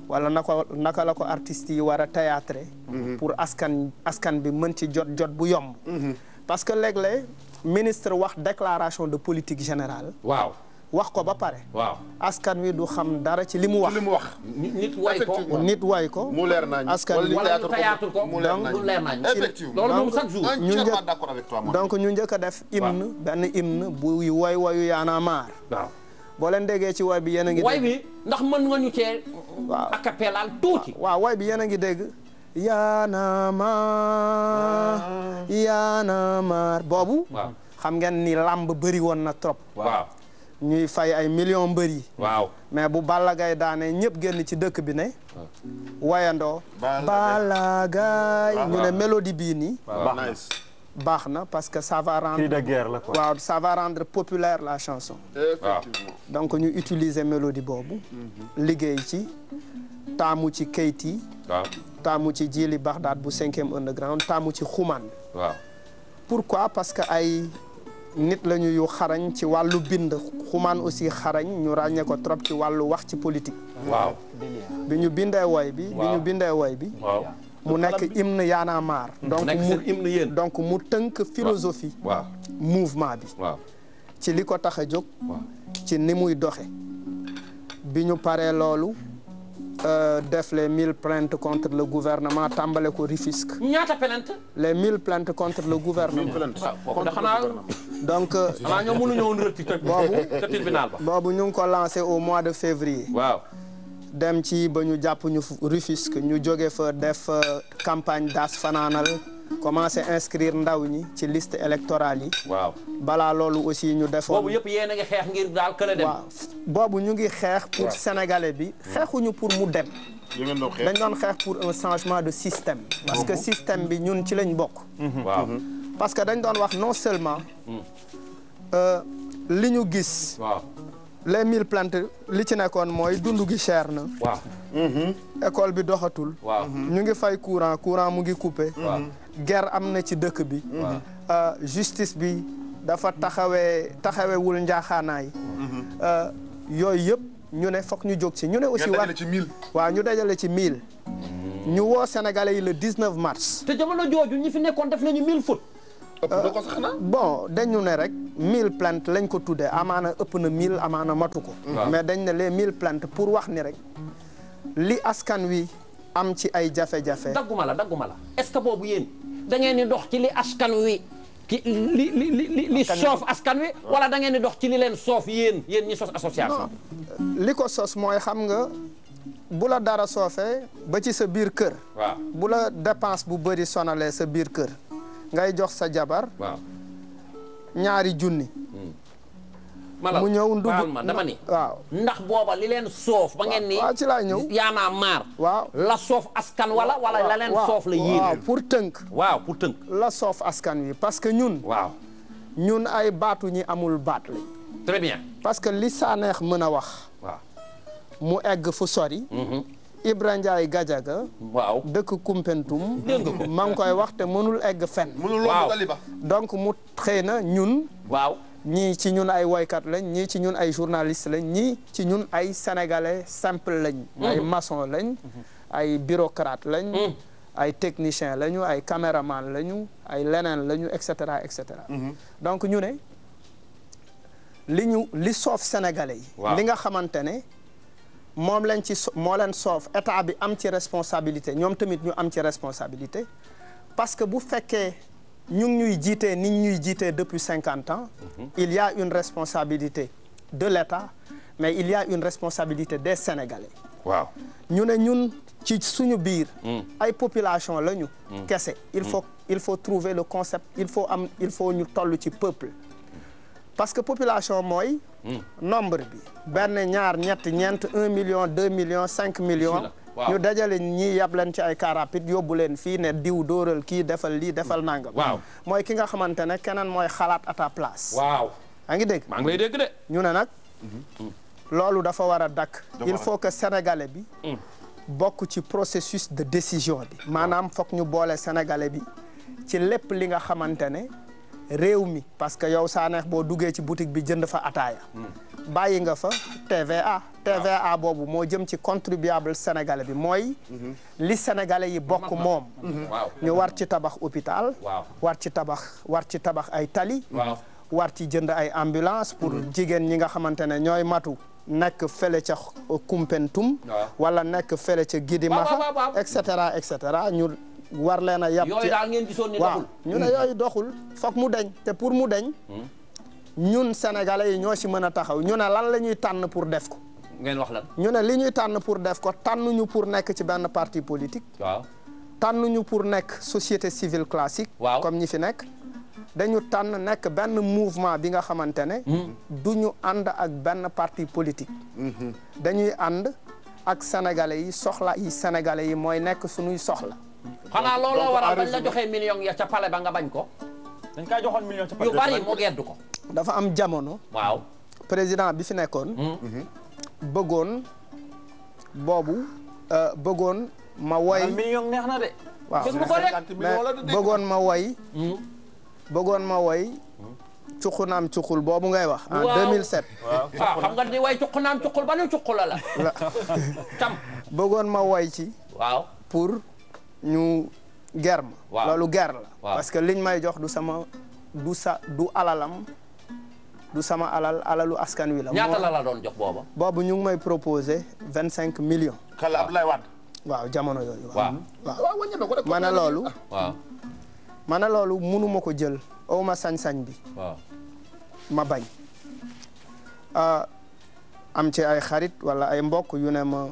wala naka naka la ko artistes yi war a théâtre mhm. pour askan askan bi mën ci jot jot bu yomb mhm. parce que léeg-léeg ministre wax déclaration de politique générale waaw wax ko ba pare. waaw askan wi du xam dara ci li mu wax. li mu wax nit waay ko nit waay ko. mu leer nañ askan wi wala ñu tayaatul ko mu leer ñu njëkk d'accord avec donc ñu njëkk a def. hymne benn hymne bu woy wayu yaana maar. waaw boo leen déggee ci woy bi yéen a ngi. woy ndax mën nga ñu cee. tuuti. waaw woy bi yéen a ngi dégg. yaana maar ah. yaana maar boobu. waaw xam ngeen ni làmb bëri woon na trop. ñuy fay ay millions mbër yi. waaw mais bu Balla Gaye daane ñëpp génn ci dëkk bi ne. Ah. wayando Balla Gaye ñu ne mélodie bii nii. Ah, baax na parce que ça rendre. la quoi waaw ça va rendre populaire la chanson. donc ñu utilise mélodie boobu. Mhm. liggéey ci taamu ci kayit yi. waaw taamu ci Jili Bagdad bu cinquième underground taamu ci xumaan. pourquoi parce que ay. nit lañu yu xarañ ci wàllu bind xumaan aussi xarañ ñu ràññee ko trop ci wàllu wax ci politique. waaw bi ñu bindee woy bi. bi ñu bi. mu nekk im na a marre. donc mu donc mu tënk philosophie. waaw mouvement bi. waaw ci li ko tax a jóg. ci ni muy doxe bi ñu paree loolu. Euh, def les mille plaintes contre le gouvernement tàmbale ko Rufisque. ñaata plainte. les mille plaintes contre le gouvernement. donc. Euh, xanaa ñoom mënuñoo woon rëcc ca tribunal boobu ñu ngi ko lancé au mois de février. waaw. dem ci ba ñu jàpp ñu Rufisque ñu joge fa def euh, campagne das fanaanal commencé inscrire ndaw ñi ci liste électorale yi. balaa loolu aussi ñu defoon. boobu yëpp yéen a ngi xeex ngir daal kële dem. boobu ñu ngi xeex pour sénégalais bi xeexuñu pour mu dem. dañ doon xeex pour un changement de système. parce que système bi ñun ci lañ bokk. waaw parce que dañ doon wax non seulement. Euh, li ñu gis. waaw les mille plantes li ci nekkoon mooy dund gi cher na. waaw. école bi doxatul. waaw ñu ngi fay courant courant mu ngi coupé. guerre am na ci dëkk bi. Euh, justice bi. dafa taxawee taxawewul njaaxaanaay mhm. euh, yooyu yëpp ñu ne foog ñu jóg ci ñu ne aussi war waa ñu dajale ci mille mhm. ñu woo sénégalais yi le 19 mars te jamono jooju ñu fi nekkoon def nañu mille foot euh, bon dañu ne rek mille plante lañ ko tuddee amaana ëpp na mille amaana matu ko mais dañ ne les mille plaintes pour wax ni rek li askan wi am ci ay jafe-jafe dagguma la dagguma la est boobu yéen da ngeen dox ci li askan wi ki li li li li soof askan wi wala da ngeen di dox ci li leen soof yéen yéen ñi sos association li ko sos mooy xam nga bu la dara soofee ba ci sa biir kër waaw bu la dépense bu bari sonalee sa biir kër ngay jox sa jabar waaw ñaari junni hmm. mu ñëw ndugg dama waaw ndax booba li leen soof ba ngeen ni waaw ci laa ñëw yaa naa maar la soof askan wala wala la leen soof la yéen waaw pour tënk waaw pour tënk la soof askan wi parce que ñun waaw ñun ay baatu ñi amul baat la parce que li Saneex mën a wax waaw mu egg fu sori mhm. Ibra Ndiaye Gadiaga dëkk Koumpentoum maa koy wax te mënul egg fen mënul donc mu xëy na ñun ñii ci ñun ay woykat lañ ñii ci ñun ay journaliste lañ ñii ci ñun ay sénégalais simple lañ mm-hmm. ay maçon lañ mm-hmm. ay bureaucrate lañ mm. ay technicien lañu ay caméraman lañu ay leneen lañu et cetera et cetera mm-hmm. donc ñu ne li ñu li soof sénégalais yi li nga xamante ne moom lañ ci moo leen soof état bi am ci responsabilité ñoom tamit ñu am ci responsabilité parce que bu fekkee ñu ngi ñuy jiitee ni ñuy jiitee depuis cinquante ans mhm. il y une responsabilité de l'État mais il y une responsabilité des Sénégalais waaw ñu ne ñun ci suñu biir mm. ay population lañu mm. kese il faut mm. il faut trouver le concept il faut am il ñu toll ci peuple parce que population mooy nombre bi benn ñaar ñett ñeent un million deux millions cinq millions waaw ñu dajale ñii yab leen ci ay car rapide yóbbu leen fii ne diw dóoral kii defal lii defal nanga waaw mooy ki nga xamante ne keneen mooy xalaat à place. waaw maa ngi dégg. maa ngi dégg ñu ne nag. Mhm. loolu dafa war a dakk il faut que sénégalais bi. Mm. bokk ci processus de décision bi. maanaam foog ñu boole sénégalais bi ci lépp li nga xamante ne réew mi. parce que yow saa neex boo duggee ci boutique bi jënd fa ataaya. Mm. bàyyi nga fa TVA. TVA boobu moo jëm ci contribuable sénégalais bi mooy. Mhm. li sénégalais yi bokk moom. Mhm. Mhm. ñu war ci tabax hôpital. war ci tabax war ci tabax ay tali. war ci jënd ay ambulance pour jigéen ñi nga xamante ne ñooy matu. nekk fële ca Koumpentoum. wala nekk fële ca Gidimaxa. waaw et cetera et cetera ñu war leen a. yab ci doxul. ñu ne yooyu doxul foog mu deñ te pour mu deñ ñun sénégalais yi ñoo ci mën a taxaw ñu ne lan la ñuy tànn pour def ko. ngeen wax lan ñu ne li ñuy tànn pour def ko tànnuñu pour nekk ci benn parti politique. waaw ñu pour nekk société civile classique. waaw comme ñi fi nekk. dañu tànn nekk benn mouvement bi nga xamante ne. Hmm. du ñu ànd ak benn parti politique. Hmm. dañuy ànd ak sénégalais yi soxla yi sénégalais yi mooy nekk suñuy soxla. xanaa looloo waral bañ la joxee million ya ca pale ba nga bañ ko. dañ kaa joxoon million bari mu gedd ko. dafa am jamono. waaw président bi fi nekkoon. Hmm. Mm-hmm. bëggoon boobu euh, bëggoon ma woy. million neex na bëggoon ma woy. Hmm. bëggoon ma woy. cuqu naam cuqul boobu ngay wax. en 2007. waaw ah, xam nga di way cuqu naam ba nu cuqu la bëggoon ma woy ci. waaw ñu ger ma. loolu ger la. parce que liñ may jox du sama sa du alalam. du sama alal alalu askan wi la. ñaata la la doon jox booba. boobu ñu ngi may proposé vingt cinq millions. kala Abdoulaye Wade. waaw jamono yooyu. waaw waaw na loolu. waaw. ma loolu munu ma ko jël aw ma sañ-sañ bi. waaw ma bañ. Ah, am ci ay xarit wala ay mbokk yu ne ma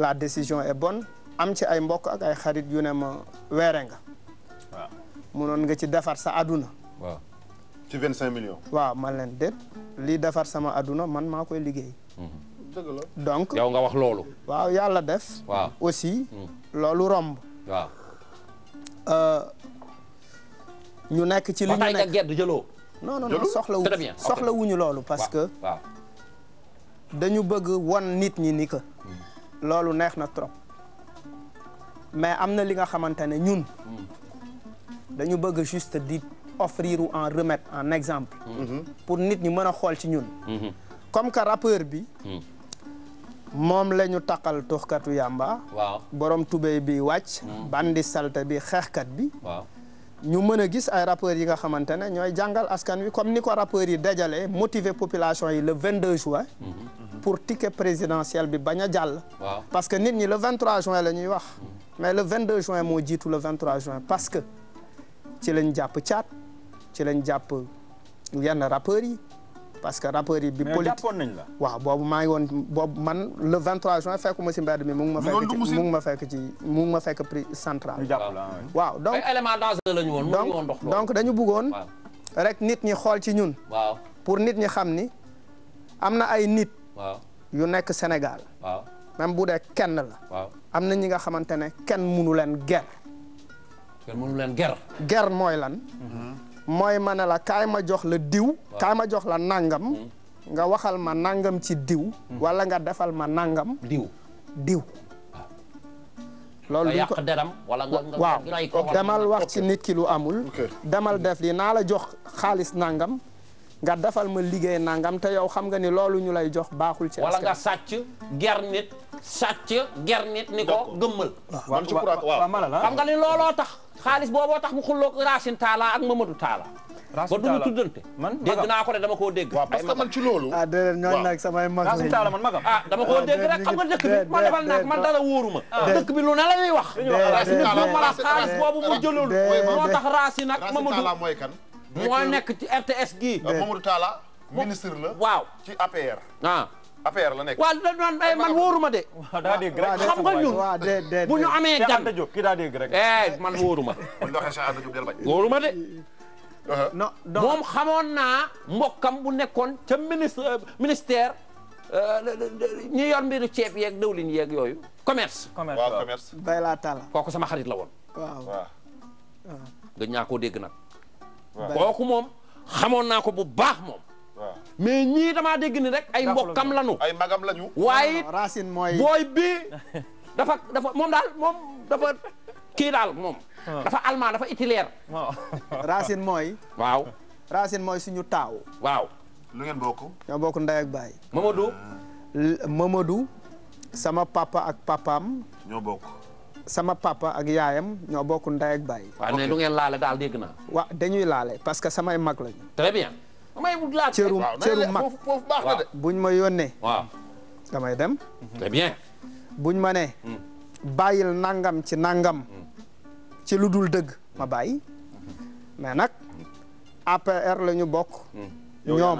la décision est bon am ci ay mbokk ak ay xarit yu ne ma weere nga. waaw munoon nga ci defar sa àdduna. ci vingt cinq millions. waaw man leen déet lii defar sama aduna man maa koy liggéey. Mm-hmm. donc yow nga wax loolu. waaw yàlla def. waaw aussi. Mm. loolu romb. waaw. Euh, ñu nekk ci li ñu nekk bataay gerte jëloo. non non non loolu parce que. dañu bëgg won nit ñi ni que. Mm. neex na trop. mais am na li nga xamante ne ñun. Mm. dañu bëgg juste di. offrir ou en remettre en exemple. Mhm. pour nit ñi mën a xool ci ñun. Mhm. comme que rappeur bi. Mhm. moom la ñu taqal tuxkatu yàmba. waaw borom tubéy bi wàcc. bandi salte bi xeexkat bi. waaw ñu mën a gis ay rappeurs yi nga xamante ne ñooy jàngal askan wi comme ni ko rappeurs yi dajale motiver population yi le 22 juin. pour ticket présidentiel bi bañ a jàll. waaw parce que nit ñi le 23 juin la ñuy wax. mais le 22 juin moo jiitu le 23 juin parce que ci lañ jàpp caat. ci lañ jàpp yenn rappeurs yi parce que rappeurs yi. bi politique jàppoon nañ la. waaw boobu maa ngi woon boobu man le 23 juin fekkuma si mbedd mi mu ngi ma. fekk ci mu ma fekk ci mu ma fekk prix central. waaw donc ay éléments dangereux la ñu woon. mënuñu woon dox donc dañu bëggoon. rek nit ñi xool ci ñun. waaw pour nit ñi xam ni am na ay nit. yu nekk Sénégal. waaw bu dee kenn la. waaw am na ñi nga xamante ne kenn mënu leen ger. kenn mënu leen ger mooy lan. Mhm. mooy ma ne la kaay ma jox la diw kaay ma jox la nangam hmm. nga waxal ma nangam ci diw hmm. wala nga defal ma nangam diw diw ah. loolu yàq deram wala nga waaw demal wax ci nit ki lu amul demal def li naa la jox xaalis nangam nga defal ma liggéey nangam te yow xam nga ni loolu ñu lay jox baaxul ci wala nga sàcc ger nit ni ko gëmmal ah, man ci crois waaw xam nga ni looloo tax xaalis booboo tax mu xulloog Racine Talla ak Mamadou Talla Racine Talla ba du tuddante man dégg naa ko de dama koo dégg. waaw parce man ci loolu. ah déedéet ñooñu nag samay mag lañu. ah dama koo ah, dégg rek xam nga dëkk bi man defal naa man dara wóoruma. dëkk bi lu ne la ñuy wax. Racine Talla ma xaalis boobu mu jëlul. moo tax Racine ak Mamadou Racine mooy nekk ci RTS gii. Mamadou Talla ministre la. waaw ci APR. Ah. affaire la nekk waaw man man de. xam nga ñun bu ñu amee gan. kii daa dégg rek. Eh, man wóoruma. wóoruma de. Uh-huh. moom xamoon naa mbokkam bu nekkoon ca ministre euh, ministère euh, ñi yor mbiru ceeb yeeg dawlin yeeg yooyu commerce. commerce waaw kooku sama xarit la woon. waaw dégg nag. kooku moom xamoon naa ko bu baax moom. mais ñii damaa dégg ni rek ay mbokkam lañu. ay magam lañu. waaye racine mooy booy bi dafa dafa moom daal moom dafa kii daal moom. Ah. dafa allemand dafa itinéraire. Ah. racine mooy. waaw racine mooy suñu taaw. waaw. lu ngeen bokk. ñoo bokk ndey baay. Mamadou. sama papa ak papaam. ñoo bokk. sama papa ak yaayam ñoo bokk ndey ak baay. waa ne lu ngeen laale daal dégg na waaw dañuy laale parce que samay mag lañu. damay wut laaj mag buñ ma yónnee waaw damay dem très bien buñ ma ne hmm. bàyyil nangam ci nangam hmm. ci lu dul dëgg ma bàyyi hmm. mais nag APR la bokk ñoom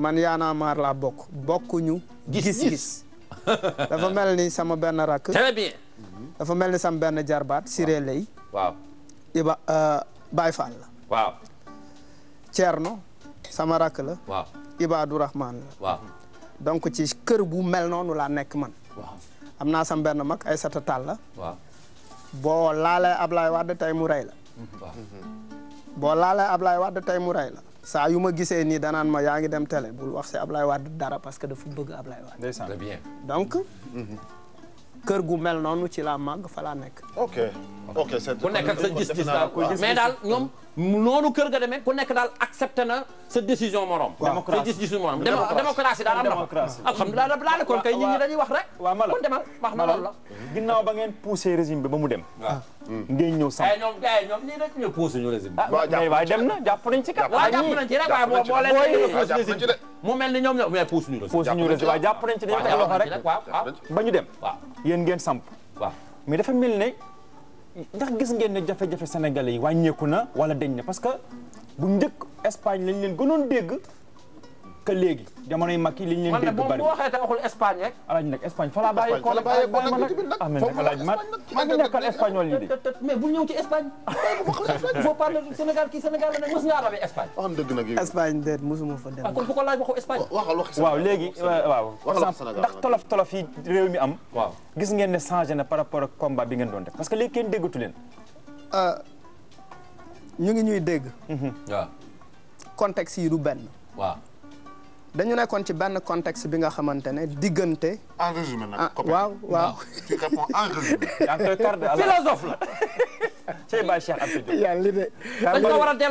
man yaanaamaar laa bokk bokkuñu gis-gis dafa mel ni sama benn rakk mhm. dafa mel ni sama benn jarbaat siré lay waaw iba euh, Baye Fall sama rakk la. waaw Ibadu Rahman la. waaw donc ci kër gu mel noonu laa nekk man. am naa sam benn mag Aïssata Tall la. waaw boo laalee Ablaye Wade tey mu rey la. boo laalee Ablaye Wade tey mu rey la. saa yu ma gisee nii danaan ma yaa ngi dem tele bul wax si Ablaye Wade dara parce que dafa bëgg Ablaye Wade. ndeysaan très donc. Mhm. kër gu mel noonu ci laa màgg fa laa nekk. ok ok sa gis-gis daal mais daal ñoom. noonu kër ga demee ku nekk daal accepté na sa décision morom. sa décision morom démocratie daal am na ko. alhamdulilah rabbil alamin kay nit ñi dañuy wax rek. waaw Malal demal wax na loolu la. ginnaaw bi ba mu dem. Hmm. ngeen ñëw sànq. Eh, ñoom eh, ah, dem na jàpp nañ rek mu mel ni ñoom ñoom mais poussé ñu régime. poussé ñu rek. waaw dem. waaw ngeen samp. waaw mais dafa ne ndax gis ngeen ne jafe-jafe sénégalais yi wàññeeku na wala deñ na parce que bu njëkk Espagne lañ leen gënoon dégg que léegi jamonoy mag yi li ñu leen dégg bari man waxee te waxul Espagne rek alaaji nag Espagne fa la bàyyi ko nag amen alaaji mat man nekkal espagnol yi de mais bu ñëw ci Espagne il faut parler du Sénégal kii Sénégal la nag mos nga arabe Espagne am dëgg nag Espagne déet mosuma fa dem ah, kon bu ko laaj waxu Espagne waaw léegi waaw ndax tolof tolof yi réew mi am waaw gis ngeen ne changé na par rapport ak combat bi ngeen doon def parce que léegi kenn déggatu leen euh, ñu ngi ñuy dégg waaw contexte yi du benn waaw dañu nekkoon ci benn contexte bi nga xamante ne diggante. en résumé nag. Ah, waaw la. Sey Baye Cheikh Abdou Diop. yàlla li de. dañ ko war ci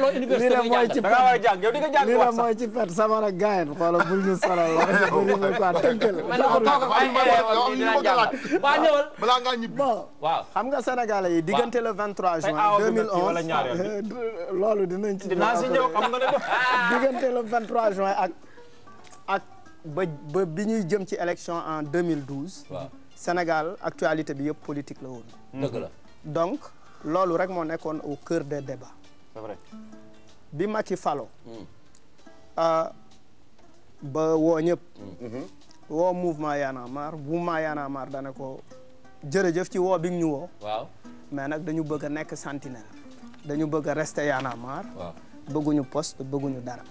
balaa ngaa xam nga Sénégalais yi diggante le 23 juin 2011. loolu dinañ ci. dinaa si juin ak. ak ba bi ñuy jëm ci élection en 2012. waaw Sénégal actualité bi yëpp politique la woon. Mmh. dëgg la donc loolu rek moo nekkoon au cœur des débats. bi Macky falo. Mmh. Euh, ba woo ñëpp. Mmh. woo mouvement Y'en a marre mouvement Y'en a marre dana jërëjëf ci woo bi ñu woo. mais nag dañu bëgg a nekk sentinelle. dañu bëgg a rester Y'en a marre. bëgguñu poste bëgguñu dara.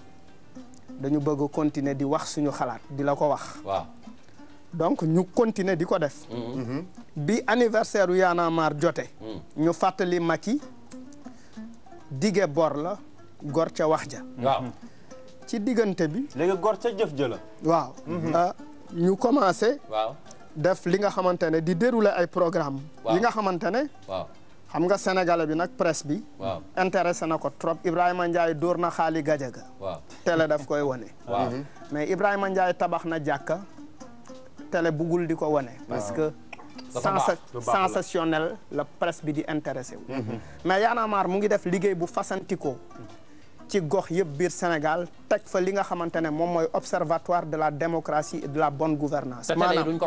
dañu bëgg continuer di wax suñu xalaat di la ko wax. waaw donc ñu continuer di ko def. Mm-hmm. bi anniversaire yu Y'en a marre jote mm. ñu fàttali Macky dige bor la gor ca wax ja. waaw ci diggante bi. léegi gor ca jëf ja la. waaw. Mm-hmm. Ah, ñu commencé. def li nga xamante ne di dérouler ay programme li nga xamante ne. waaw xam nga sénégalais bi nag presse bi. waaw intéressé na ko trop Ibrahima Ndiaye door na xaali Gajaga. télé daf koy wane. waaw mais Ibrahima Ndiaye tabax na jàkka télé buggul di ko wane. parce que sensationnel la presse bi di intéressé wu. Mhm. mais Y'en a mu ngi def liggéey bu fasantikoo ci gox yëpp biir Sénégal teg fa li nga xamante ne moom mooy observatoire de la démocratie et de la bonne gouvernance maanaam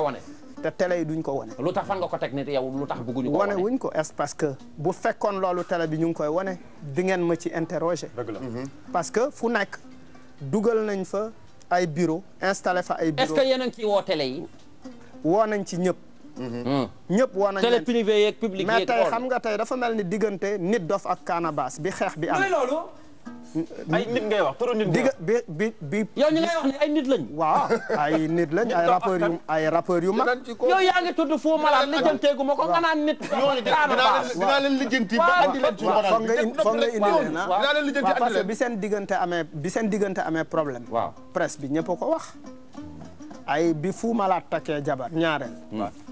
te télé yi duñ ko wane. te duñ ko wane. lu tax fan nga ko teg ne yow lu tax bëgguñu ko wane wuñ ko est parce que bu fekkoon loolu télé bi ñu ngi koy wone di ngeen ma ci intérogé parce que fu nekk. dugal nañ fa ay bureau installé fa ay bureau est que yéen a ngi ciy woo télé yi woo nañ ci ñëpp mm-hmm. ñëpp woo nañ télé privé yeeg public yeeg mais tey xam nga tey dafa mel ni diggante nit dof ak Canabasse bi xeex bi am ay nit wax turu nit diga bi yow ñu ngay wax ne ay nit lañ. waa ay nit lañ ay rappeurs ay rappeurs yu mag. yow yaa ngi tudd Fou Malade lijjanteegu ma ko nga naan nit. dinaa leen lijjanti ba leen ci moral foog nga indi leen ah leen lijjanti parce bi seen diggante amee bi seen diggante problème. waaw presse bi ñëpp ko wax. ay bi Fou Malade takkee jabar ñaareel.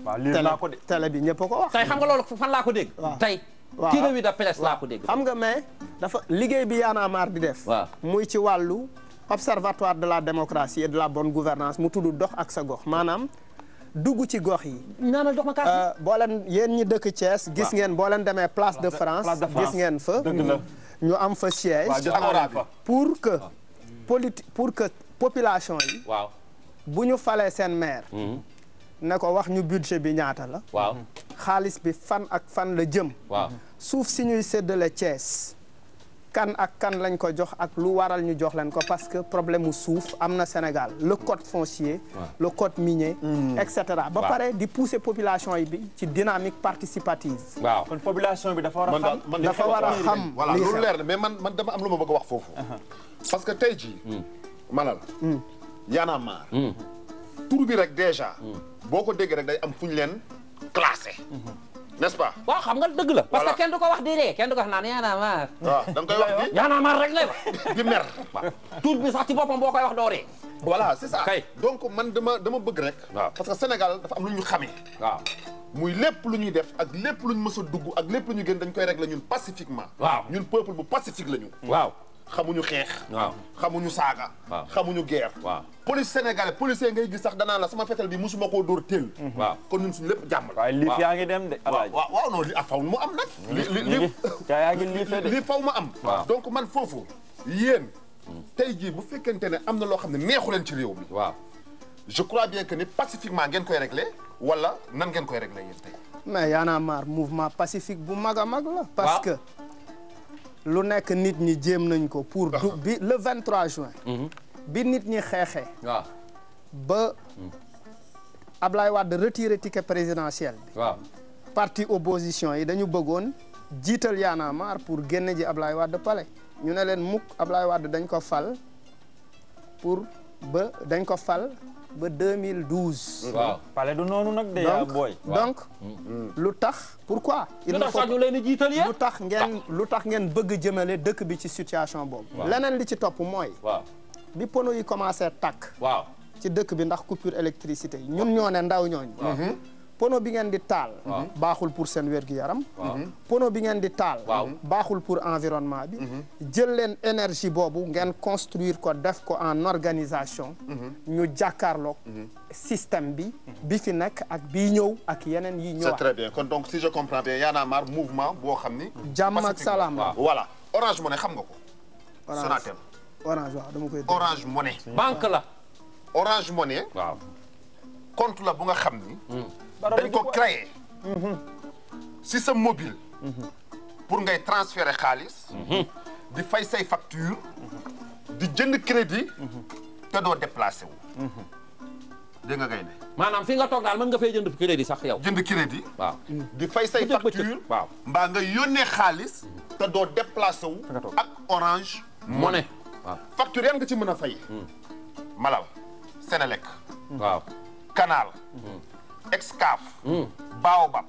waaw lii laa ko de télé bi ñëpp ko wax. tey xam nga loolu fan laa ko dégg. tey. waaw ci revue de presse laa ko dégg. xam nga mais dafa liggéey bi Y'en a marre di def. waaw muy ci wàllu observatoire de la démocratie et de la bonne gouvernance mu tudd dox ak sa gox maanaam. dugg ci gox yi. naanal dox ma euh, boo leen yéen ñi dëkk Thiès. gis ngeen boo leen demee place de France. gis ngeen fa. ñu am fa siège. pour que. politi pour que population yi. waaw bu ñu falee seen maire. Hmm. ne ko wax ñu budget bi ñaata la. waaw xaalis bi fan ak fan la jëm. waaw suuf si ñuy séddale Thiès kan ak kan lañ ko jox ak lu waral ñu jox leen ko parce que problème mu suuf am na Sénégal le code foncier. le code minier. Mm. et cetera ba pare di pousser population yi bi ci dynamique participative. waaw kon population bi dafa war a xam dafa war a xam. voilà leer na mais man man dama am lu ma bëgg a wax foofu. parce que tey jii. Mm. manal mm. Y'en a marre. bi rek déjà. boo ko déggee rek day am fu ñu leen classé. Mm-hmm. n'est-ce pas. waaw xam nga dëgg la. parce que kenn du ko wax di ree kenn du ko wax naan yaa naa maar. waaw da nga koy wax di. yaa maar rek ngay wax. di mer. tuut bi sax ci boppam boo koy wax doo ree. voilà c'est ça. donc man dama dama bëgg rek. waaw parce que Sénégal dafa am lu ñu xamee. waaw muy lépp lu ñuy def ak lépp lu ñu mës a dugg ak lépp lu ñu gën dañ koy régler ñun pacifiquement. waaw ñun peuple bu pacifique la ñu. waaw. xamuñu xeex. waaw xamuñu saaga. waaw xamuñu guerre. waaw police sénégalais policier ngay gis sax danaa la sama fetal bi musuma koo dóor teel. Mhm. waaw kon ñun suñu lépp jàmm la. waaye liif yaa ngi dem de. waaw waaw non li ah faw mu am nag. li li yaa ngi liifee de. li faw ma am. donc man foofu yéen. Mhm. tey jii bu fekkente ne am na loo xam ne neexu leen ci réew mi. waaw je crois bien que ni pacifiquement ngeen koy réglé wala nan ngeen koy réglé yéen tey. mais Y en a marre mouvement pacifique bu mag a mag la. parce que. lu nekk nit ñi jéem nañ ko pour du bi le 23 juin mhm. bi nit ñi xeexee waaw ba Ablaye Wade retiré ticket présidentiel bi waaw parti opposition yi dañu bëggoon jiital Y'en a marre pour génn ji Ablaye Wade pale ñu ne leen mukk Ablaye Wade dañ ko fal pour ba dañ ko fal ba 2012. waaw pale du noonu nag. de yaa donc lu tax pourquoi. il ne faut ñu leen jiital yéen lu tax ngeen ah. lu tax ngeen bëgg jëmale dëkk bi ci situation boobu. leneen li ci topp mooy. waaw bi pono yi commencé tàkk. waaw ci dëkk bi ndax coupure électricité ñun ñoo ne ndaw ñooñu. pono bi ngeen di taal mhm. baaxul pour seen wér-gu-yaram mhm. pono bi ngeen di taal baaxul pour environnement bi mhm. jël leen énergie boobu ngeen construire ko def ko en organisation ñu jàkkaarloog système bi bi fi nekk ak bi ñëw ak yeneen yi ñëwaat kon donc si je comprends bien Y'en a marre mouvement boo xam ni jàmm ak salaam voilà Orange Money xam nga ko Sonatel orange waaw dama koy orange money banque la orange money waaw compte la bu nga xam ni dañ ko créé mm-hmm. si sa mobile mm-hmm. pour ngay transférer xaalis mm-hmm. di fay say facture di jënd crédit te doo déplacé wu nga ngay ne maanaam fi nga toog daal mën nga fay jënd crédit sax yow jënd crédit waaw di fay say facture waaw mbaa ngay yónnee xaalis te doo déplacé wu ak orange monnaie waaw facture yan nga ci mën a fay mm. Malaw Sénélec waaw Canal Excaf. Baobab.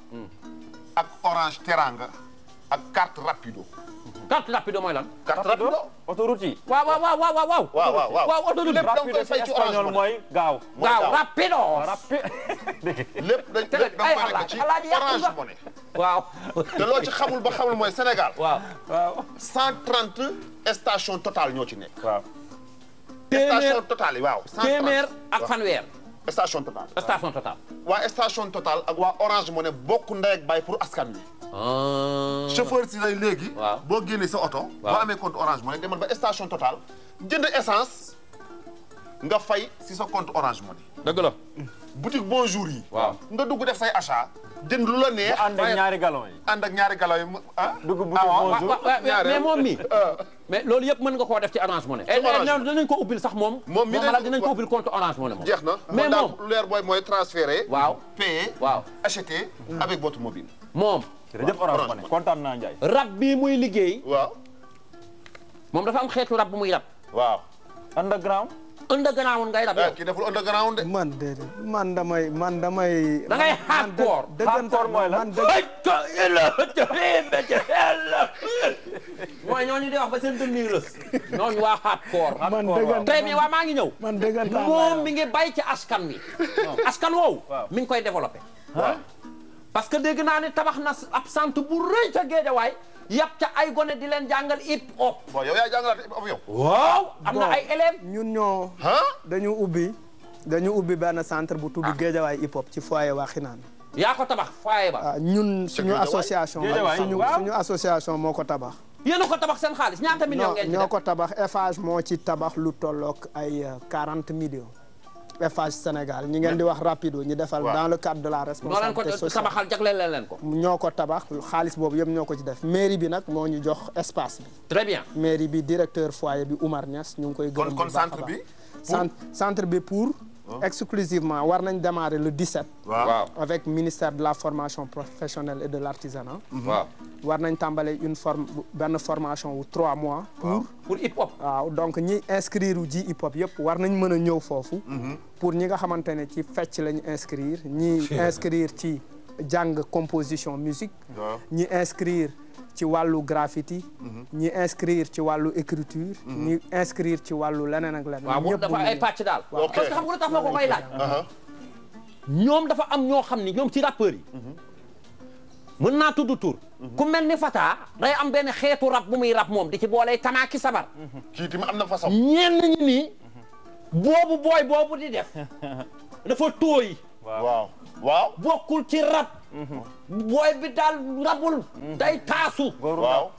ak Orange Teranga ak carte rapido. carte rapido mooy lan. carte rapido autoroute yi. waaw waaw waaw waaw waaw. waaw waaw waaw autoroute lépp da nga koy fay ci orange mooy gaaw. gaaw rapido. lépp dañ lépp da nga koy nekk ci orange money. waaw. te loo ci xamul ba xamul mooy Sénégal. waaw waaw. 130 station totale ñoo ci nekk. waaw. station totale waaw. 130 téeméer ak fanweer. station Total. station Total. waa station Total ak waa Orange Money bokk ndey ak baay pour askan wi. Ah. chauffeur si lay léegi. waaw boo génnee sa oto. waa boo amee compte Orange Money demal ba station Total jënd essence nga fay si sa compte Orange Money. boutique bonjour yi. waaw nga dugg def say achat. jënd lu la neex ànd ak ñaari galon yi. ànd ak ñaari galon yi ah. dugg boutique ah, bonjour mais moom mi. Euh. mais loolu yëpp mën nga koo def ci Orange Money. ci eh, ko ubbil sax moom. moom mi dinañ ko ubbil compte na leer booy mooy transférer. waaw payer. waaw acheter. avec votre mobile. moom. jërëjëf Orange Money kontaan naa Ndiaye. rab bii muy liggéey. waaw. moom dafa am xeetu rab bu muy rab. waaw underground ngay rab ah, yow. kii deful underground de. man déedéet man damay man damay. da ngay hardcore hardcore mooy la man mooy ñooñu di wax ba seen dënn yi rës. ñooñu waa hardcore. man dëggantaan waa maa ngi ñëw. man dëggantaan moom mi ngi bay ci askan wi. askan woowu. mi koy développé. parce que dégg naa ni tabax na ab centre bu rëy ca Géejawaay yàpp ca ay gone di leen jàngal hip hop. bon yow yaa jàngalaat hip hop yow. waaw am na ay élèves. ñun ñoo. dañu ubbi dañu ubbi benn centre bu tudd ah. Géejawaay hip hop ci foyer waa Xinaan. yaa ko tabax foyer ba. Ah, ñun suñu association. suñu suñu association moo ko tabax. yéen ko tabax seen xaalis ñaata millions. ngeen ñoo ko tabax Eiffage moo ci tabax lu tollook ay 40 euh, millions. Eiffage Sénégal ñi ngeen di wax rapido ñu defal dans le cadre de la responsabilité sociale tabaxal jagleel leen ko ñoo ko tabax xaalis boobu yëpp ñoo ko ci def mairie bi nag moo ñu jox espace bi très mairie bi directeur foyer bi Oumar Niass ñu ngi koy gërëm bu baax a baax centre bi pour exclusivement war nañ démarrer le 17. waaw avec ministère de la formation professionnelle et de l' artisanat. Mhm. waaw war nañ tàmbale une forme benn formation wu trois mois. pour pour hip hop. donc ñi inscrire wu ji hip hop yëpp war nañ mën a ñëw foofu. Mhm. pour ñi nga xamante ne ci fecc lañ inscrire ñi inscrire ci jàng composition musique. ñi inscrire. ci wàllu graffiti. Mhm. ñi inscrir ci wàllu écriture. Mhm. ñi inscrir ci wàllu leneen ak leneen. waaw moom dafa ay pàcc daal. parce que xam nga lu tax ma ko koy laaj. Uh-huh. ñoom dafa am ñoo xam ni ñoom ci rappeurs yi. Mhm. naa tudd tur. ku mel ni Fata day am benn xeetu rap bu muy rap moom di ci boole tamaaki sabar. kii tamit am na façon. ñenn ñi nii. boobu booy boobu di def. dafa tooy. waaw waaw. bokkul booy bi daal rabul. day taasu. waaw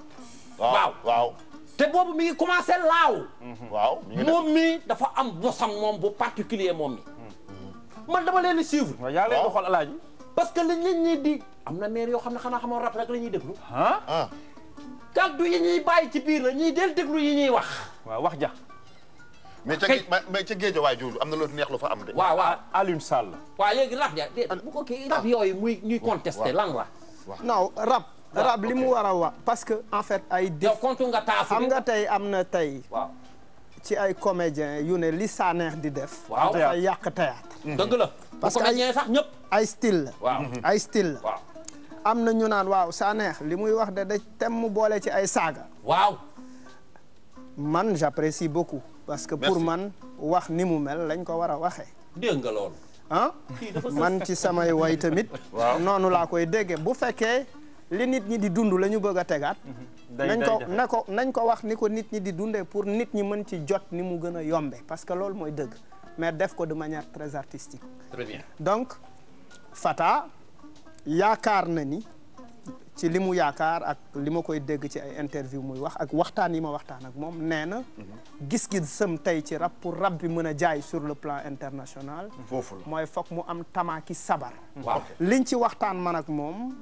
waaw waaw. te boobu mi ngi commencé laaw. Mhm. waaw moom mi dafa am bosam moom bu particulier moom mi. Mhm. man dama leen di suivre. waaw yaa leen di xool alaaji. parce que li nit ñi di am na maire yoo xam ne xanaa xamoo rap rek lañuy ñuy déglu. ah. kàddu yi ñuy bàyyi ci biir la ñuy del déglu yi ñuy wax. waaw wax ja. mais ca mais ca géejawaay jooju am na loolu neex lu fa am de. waaw waaw Alioune Sall. waaw léegi rap ja yooyu muy ñuy contesté lan la. non rap. rap li mu war a parce que en fait ay. def nga taasu am nga tey am na tey. ci ay comédien yu ne li sa neex di def. waaw dafa yàq mm-hmm. parce que ay sax ñëpp. ay la. waaw mm-hmm. ay style la. am na ñu naan waaw sa neex li muy wax de da tem mu boole ci ay saaga. waaw. man j'apprécie beaucoup. parce que pour man wax ni mu mel lañ ko war a waxee. dégg nga loolu. ah man ci samay way tamit. waaw noonu laa koy déggee bu fekkee li nit ñi di dund la ñu bëgg a tegaat. Mhm. nañ ko na ko nañ ko wax ni ko nit ñi di dundee pour nit ñi mën ci jot ni mu gën a yombe parce que loolu mooy dëgg mais def ko de manière très artistique. donc Fata yaakaar na ni. ci li mu yaakaar ak li ma koy dégg ci ay interview muy wax ak waxtaan yi ma waxtaan ak moom nee na. gis-gisam tey ci rab pour rab bi mën a jaay sur le plan international. foofu mooy foog mu am tamaaki sabar. waaw liñ ci waxtaan man ak moom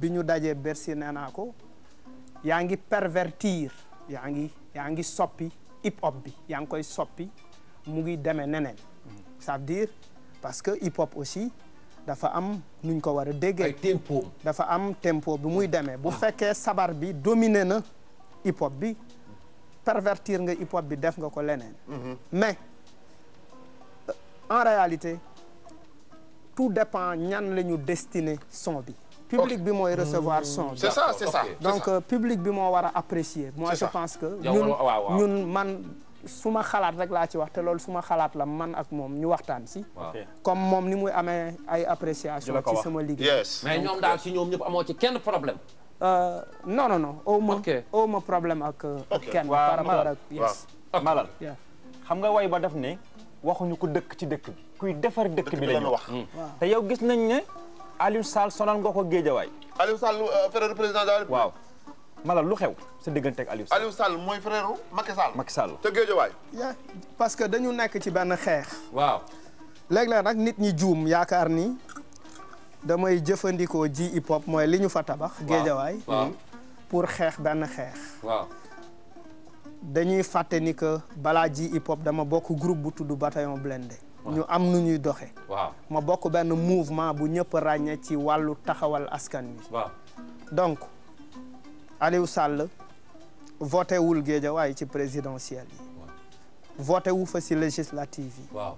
bi ñu dajee bersi nee naa ko yaa ngi pervertir yaa ngi yaa ngi soppi hip hop bi yaa ngi koy soppi mu ngi demee neneen. ça veut dire parce que hip hop aussi. dafa am nuñ ko war a déggee. ay dafa am tempo bi muy demee. bu fekkee sabar bi dominé na hip bi pervertir nga hip bi def nga ko leneen. Mhm. mais euh, en réalité tout dépend ñan la ñu destiné son bi. public bi mooy hmm. recevoir son. c'est ça c'est ça donc euh, public bi moo war a apprécier. moi je pense que ñun man. suma xalaat rek laa ci wax te loolu suma xalaat la man ak moom ñu waxtaan si. comme moom ni muy amee ay appréciation ci sama liggéey. mais ñoom daal si ñoom ñëpp amoo ci kenn problème. Euh, non non non aw ma aw ma problème ak. Euh, ak kenn par rapport ak yes. Malal xam nga way ba def ne waxuñu ko dëkk ci dëkk bi. kuy defar dëkk bi la ñu wax. Hmm. te yow gis nañ ne Aliou Sall sonal nga ko géejawaay. Aliou Sall euh, frère président de la République waaw. Malal lu xew sa diggante ak Aliou Sall. mooy frère Macky Sall. Macky Sall te Géejawaay. parce que dañu nekk ci benn xeex. waaw léeg-léeg nag nit ñi juum yaakaar ni damay jëfandikoo ji hip hop mooy li ñu fa tabax. Géejawaay pour xeex benn xeex. waaw dañuy fàtte ni que balaa ji hip hop dama bokk group bu tudd Bataillon Blindé. ñu am nu ñuy doxe waaw ma bokk benn mouvement bu ñëpp ràññee ci wàllu taxawal askan wi. waaw donc. wu Aliou Sall voté wul waaye ci présidentielle yi. wu fa si législative yi. waaw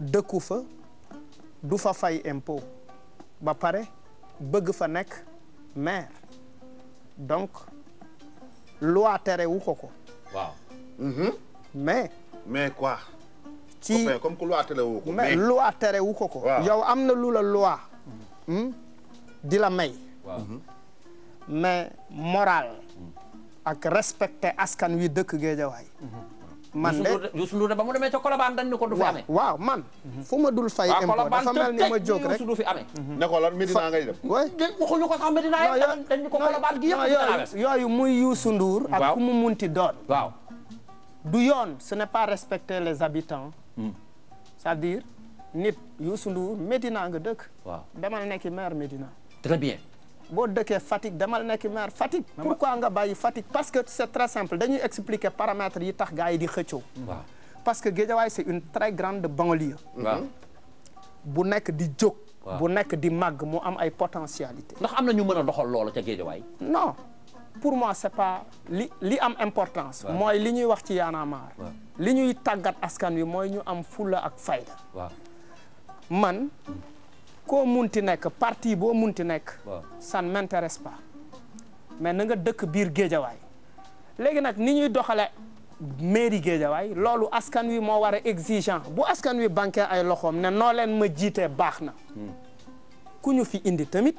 dëkku fa du fa fay impo ba pare bëgg fa nekk maire donc loi tere wu ko ko. waaw. Mhm. mais. mais quoi. ci loi tere wu ko. ko yow am na lu la loi. Hmm, di la may. mais moral ak respecté askan wi dëkk Géejawaay mm-hmm. man de Youssou Ndour ba mu demee ca Colobane dañ ne ko du fi amee waaw man mm-hmm. fu ma dul fay impôt dafa mel ni ma jóg rek du fi amee mm-hmm. ne ko lan Medina ngay dem waxuñu ko sax Medina dañ ko Colobane gi yëpp yooyu muy Youssou Ndour ak ku mu munti doon waaw du yoon ce n'est pas respecter les habitants mm. cest à nit Youssou Ndour Medina nga dëkk waaw demal nekki maire Medina très boo dëkkee Fatick demal nekk maire Fatick. bàyyi Fatick parce que c' est très simple dañuy expliquer paramètres yi tax gars yi di xëccoo. parce que Guédiawaye c' une très grande banlieue. bu nekk di jóg. bu nekk di màgg mu am ay potentialité ndax am na ñu mën a doxol loolu ca Guédiawaye. non pour moi c' est pas li li am importance. mooy li ñuy wax ci Y'en a li ñuy tàggat askan wi mooy ñu am fulla ak fayda. man. koo munti nekk parti boo munti nekk. ça ne m'intéresse pas. mais na nga dëkk biir géejawaay léegi nag ni ñuy doxale mairie géejawaay loolu askan wi moo war a exigeant bu askan wi banqué ay loxoom ne noo leen ma jiitee baax na. Hmm. ku ñu fi indi tamit.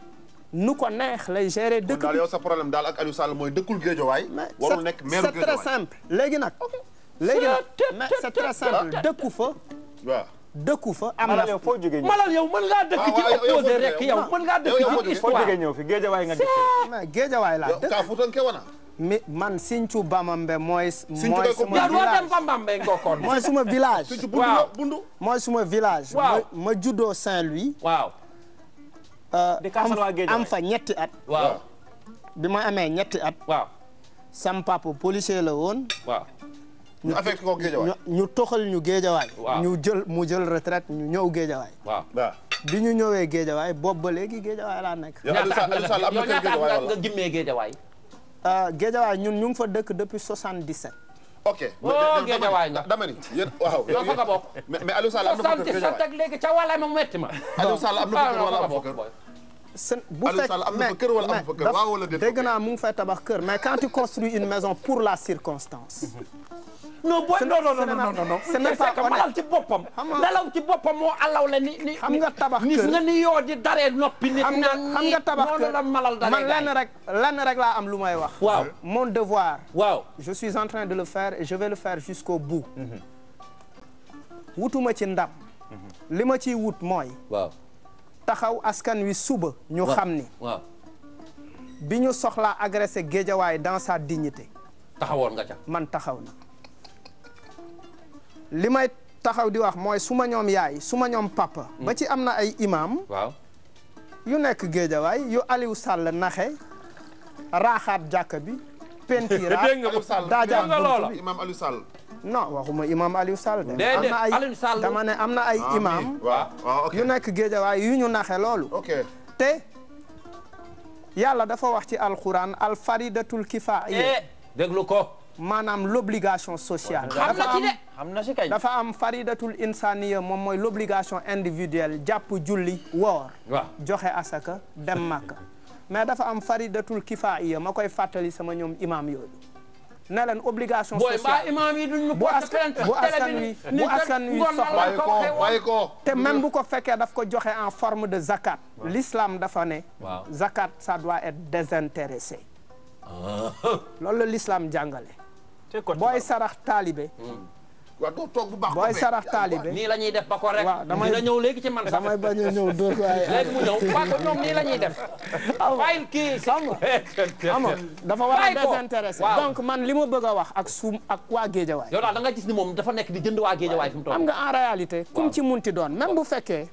nu ko neex lay gérer dëkk bi sa problème daal ak Aliou Sall mooy dëkkul géejawaay. warul nekk maire géejawaay c'est très léegi nag léegi nag mais c'est très dëkku fa. dëkku fa am na malal yow mën ngaa dëkk ah, ci opposé rek yow mën ngaa ah, dëkk ci histoire ñëw fi géejawaay nga dëkk géejawaay laa dëkk ka futan ke wana mi man Sinthiou Bamambé mooy mooy suma village mooy suma village waaw mooy suma village ma juddoo Saint-Louis waaw euh, am fa ñetti at waaw bi ma amee ñetti at waaw sam papa policier la woon waaw ñu affecté ko géejawaay ñu toxal ñu géejawaay ñu jël mu jël retraite ñu ñëw géejawaay waaw bi ñu ñëwee géejawaay boob ba léegi géejawaay laa nekk yow ñaata at nga gimmee géejawaay ah, géejawaay ñun ñu ngi fa dëkk depuis 77 ok oh géejawaay nga dama ni yéen waaw yow fa nga bokk mais Aliou Sall am na fa kër géejawaay sant ak léegi ca ma mu metti ma Aliou Sall am na fa kër wala am kër sën bu fekk mais dégg naa mu ngi fay tabax kër mais quand tu une maison pour la circonstance non booy non non non non non. c'est que malal ci boppam. nelaw ci boppam moo alaw la ni ni. xam nga tabax kër nga ni yoo di daree noppi. nit xam nga xam nga tabax kër la malal daree man lenn rek lenn rek laa am lu may wax. waaw mon devoir. waaw je suis en train de le faire et je vais le faire jusqu'au bout. wutuma ci ndab. li ma ciy wut mooy. waaw taxaw askan wi suba. ñu xam ni. waaw bi ñu soxlaa agressé Guédiawaye dans sa dignité. taxawoon nga ca man taxaw na. li may taxaw di wax mooy suma ñoom yaay suma ñoom papa. Mm. ba ci am na ay imaam. waaw yu nekk géejawaay yu Aliou Sall naxe raaxaat jàkka bi. pentiiraat daajaat buntu bi imaam Aliou Sall. non waxuma imaam Aliou Sall de. am na ay ne am na ay imaam. yu nekk géejawaay yu ñu naxe loolu. te yàlla dafa wax ci alquran alfaridatul kifaaye. Eh, déglu ko. maanaam l'obligation sociale dafa am faridatul insaniya moom mooy l'obligation individuelle jàpp julli woor joxe asaka dem màkka mais dafa am faridatul kifaiya ma koy fàttali sama ñoom imam yooyu ne leen obligation sociale bu askan wi bu askan wi soxla te même bu ko fekkee daf ko joxe en forme de zakat l'islam dafa ne zakat ça doit être désintéressé ah. loolu la l'islam jàngale booy sarax taalibe. Hmm. waaw doo bu baax booy sarax taalibe nii la ñuy def ba ko rek. waaw damay dina ñëw léegi ci man. damay bañ waaye. léegi mu ñëw waa ko ñoom nii la ñuy def. fayil kii xam xam dafa war a désintéressé. donc man li ma bëgg wax ak suum ak waa Géejawaay. yow daal da nga gis ni moom dafa nekk di jënd waa Géejawaay fi mu toll. xam nga en réalité. kum ci munti doon même bu fekkee.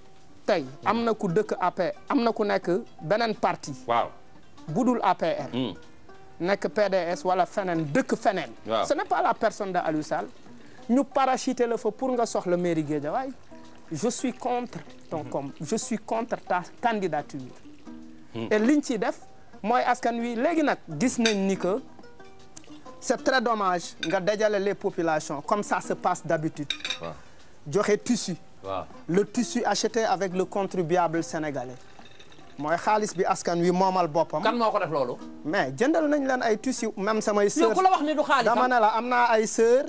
tey am na ku dëkk APR am na ku nekk beneen parti. waaw budul APR. Hmm. nekk PDS wala feneen dëkk feneen. ce n'est pas la personne de Aliou Sall ñu parachuter la fa pour nga soxla mairie Guédiawaye je suis contre ton mhm. com je suis contre ta candidature. Hmm. et liñ ciy def mooy askan wi léegi nag gis nañ ni que c'est très dommage nga dajale les populations comme ça se passe d'habitude. joxe tissu. le tissu acheté avec le contribuable sénégalais. mooy xaalis bi askan wi moomal boppam. kan moo ko def mais jëndal nañ leen ay tissu même samay. sœur la wax ni du xaalis dama ah. ne la am naa ay sœur.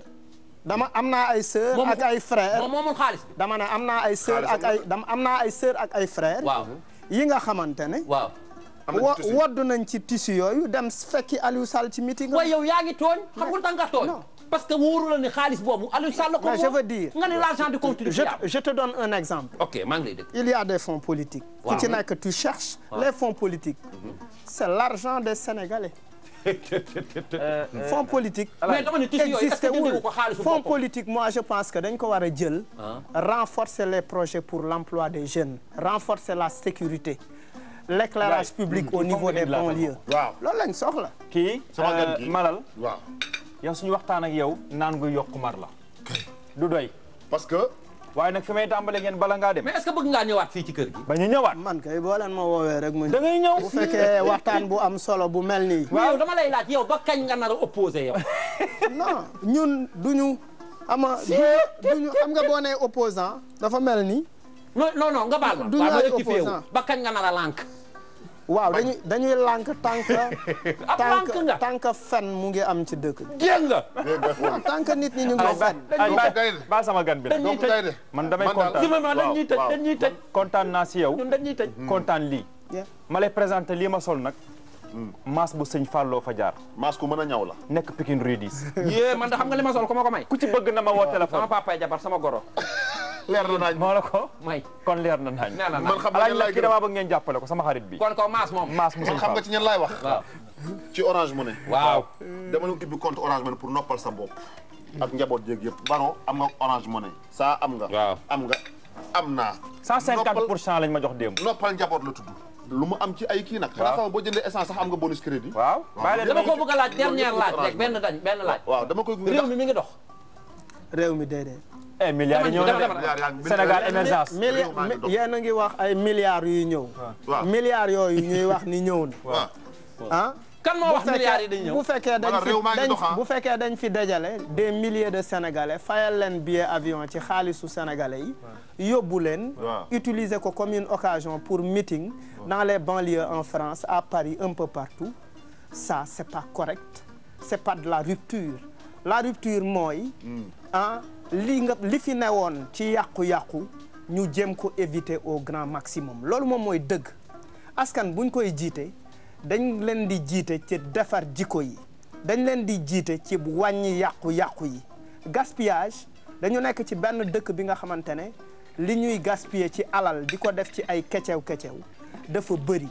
dama am naa ay sœur ak ay frères moom xaalis dama ne am naa ay sœur ak ay am naa ay sœur ak ay frères. waaw yi nga xamante ne. waaw. wodd nañ ci tissu yooyu dem fekki Aliou Sall ci meeting. waaye yow yaa ngi tooñ. xam nga lu tooñ. parce que wóoru la ne xaalis boobu Aliou Sall ko je veux dire nga ne l'argent du contribuable je te donne un exemple il y a des fonds politiques ku ci nekk tu cherches les fonds politiques c'est l'argent des Sénégalais euh, euh, fonds politique existe wul fonds politique je pense que dañ ko war a jël ah. renforcer les projets pour l'emploi des jeunes renforcer la sécurité l'éclairage public au niveau des banlieues waaw loolu lañ soxla kii yow suñu waxtaan ak yow naan gu yokk mar la. du doy. parce que. waaye nag fi may tàmbalee ngeen bala ngaa dem. mais est-ce que bëgg ngaa ñëwaat fii ci kër gi. ba ñu ñëwaat. man kay boo leen woowee rek ma. da ngay ñëw bu fekkee waxtaan bu am solo bu mel nii. dama lay laaj yow ba kañ nga a opposé yow. non ñun duñu. ama duñu xam nga boo nee opposant dafa mel ni. non non nga baal du duñu laaj opposant ba kañ nga nar lànk. waaw dañuy dañuy lànk tànk. tànk tànk fen mu ngi am ci dëkk. jéeg nga. waaw tànk nit ñi ñu ngi fen. ba sama gan bi la. man damay kontaan waaw kontaan naa si yow. ñun dañuy tëj hmm. kontaan lii. ma lay présenté lii ma sol nag. Hmm. maas bu sëñ Fallou fa jaar. maas ku man a ñaw la. nekk Pikine Rue 10. man da xam nga li ma sol ko ma ko may. ku ci bëgg na ma woo téléphone. sama papa jabar sama goro. leer na nañ moo la ko may kon leer na nañ man xam nga la ki dama bëgg ngeen jàppale ko sama xarit bi kon ko maas moom maas moom xam nga ci ñen laay wax ci orange money waaw dama pour noppal sa bopp ak njaboot jéeg yëpp baro am nga orange money saa am nga waaw am nga am naa cent cinquante pour lañ ma jox démb noppal njaboot la tudd lu mu am ci ay kii nag xanaa boo jëndee essence sax am nga bonus crédit waaw dama ko bëgg a laaj dernière laaj benn dañ waaw dama koy réew mi mi ngi dox réew mi dee ay eh, milliards yi ñëw na Sénégal émergence. a ngi wax ay milliards yuy ñëw. waaw milliards yooyu wax ni ñëw na. Ah? wax bu fekkee dañ ah. fi bu fekkee dañ fi dajale des milliers de sénégalais fayal leen billet avion ci xaalisu sénégalais yi. yóbbu leen. utiliser ko commune une occasion pour meeting. dans les banlieues en France à Paris un peu partout. ça c'est pas correct. c'est pas de la rupture. la rupture mooy. Hmm. Ah, li nga li fi newoon ci yàqu-yàqu ñu jëm ko éviter au grand maximum loolu moom mooy dëgg askan buñ koy jiite dañ leen di jiite ci defar jikko yi dañ leen di jiite ci wàññi yàqu-yàqu yi gaspillage dañu nekk ci benn dëkk bi nga xamante ne li ñuy gaspiller ci alal di ko def ci ay kecew kecew dafa bëri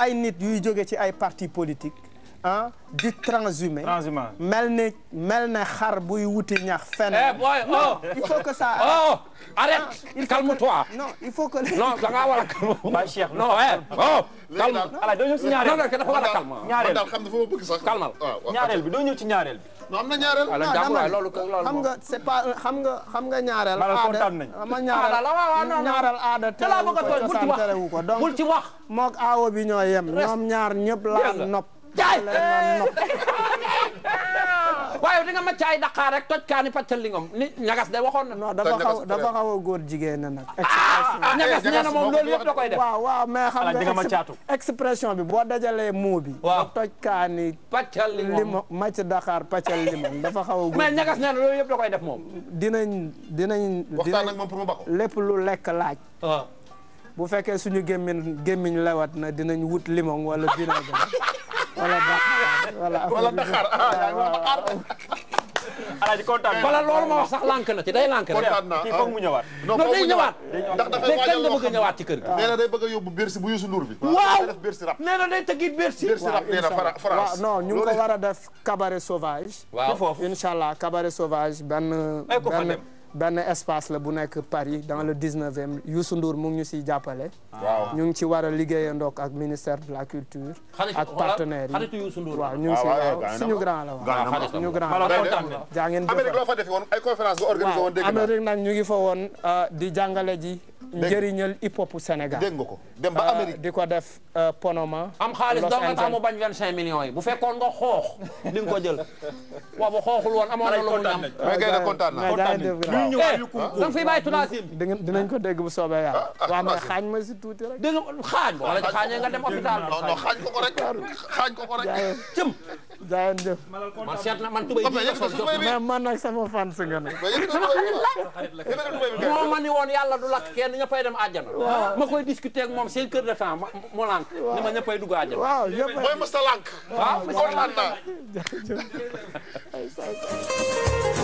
ay nit yuy jóge ci ay parti politique ah di transhumé. transhumé mel ni mel ne xar buy wuti ñax fenn. eh boy oh il faut que ça. oh arrête calme-toi. non il faut que. non da ngaa war a calme. waa Cheikh non eh oh. calme ala doo ñëw ci ñaareel. a calme. Ah, bi doo ñëw ci ñaareel bi. non am na ñaareel. ah dama loolu xam nga c'est pas xam nga xam nga ñaareel. aada kontaan nañu ma ñaareel ah, ñaareel aada. terewu ko cosaan aawo bi ñoo yem. ñoom ñaar ñëpp laa nopp caay waaye di nga ma caay daqaar rek toj kaani pàccal li ngom ni ñagas day waxoon na. non dafa xaw xaw a góor jigéen na nag. Ah, ah, ah, ñagas nee moom loolu yëpp da koy def. waaw waaw mais xam nga expression bi boo dajalee mot bi. waaw toj kaani. pàccal li ngom mac daqaar pàccal li ngom dafa xaw a góor. mais ñagas nee loolu yëpp da koy def moom. dinañ dinañ. waxtaan ak moom pour mu bako lépp lu lekk laaj. bu fekkee suñu gémmiñ gémmiñ lewat na dinañ wut limon wala dinañ. wala baax wala wala Dakar ah, ah, loolu ma wax sax lànk na ci day lànk na kontaan mu ñëwaat no day ñëwaat ndax dafay waajal loo bëgg ci kër gi nee day bëgg a yóbbu Bercy bu Youssou Ndour bi waaw def day tëggit Bercy rap nee ñu ngi ko def cabaret sauvage waaw foofu incha allah cabaret sauvage benn benn espace la bu nekk Paris dans le 19e Youssou Ndour mu ñu siy jàppale. ñu ngi ci war a liggéeyandoo ak ministère de la culture. ak partenaires yi xaritu Youssou Ndour waaw ñu ngi si suñu grand la waaw suñu grand la. jaa ngeen Amérique loo fa nag ñu ngi fa woon euh, di jàngale ji. njëriñal hip hop Sénégal. dégg nga ko dem ba euh, di ko def euh, Ponoma. am xaalis doo nga tax mu bañ 25 millions yi bu fekkoon nga xoox li ko jël waaw bu ñëw ayyukum eh, da nga fay bàyyi tulaasim dinañ ko dégg bu soobee yàlla ah, waaw mais xaañ ma si tuuti rek dégg nga xaañ wala xaañee nga dem hôpital non non xaañ ko ko rek xaañ ko ko rek jëm jaayen jëf man seet na man tubay mais man nag sama fan si nga ne sama xarit la moo ma ni woon yàlla du lakk kenn ñëppay dem àjjana ma koy discuter ak moom cinq heures de temps mu lànk ni ma ñëppay dugg àjjana waaw ñëpp mooy mos a lànk waaw kontaan naa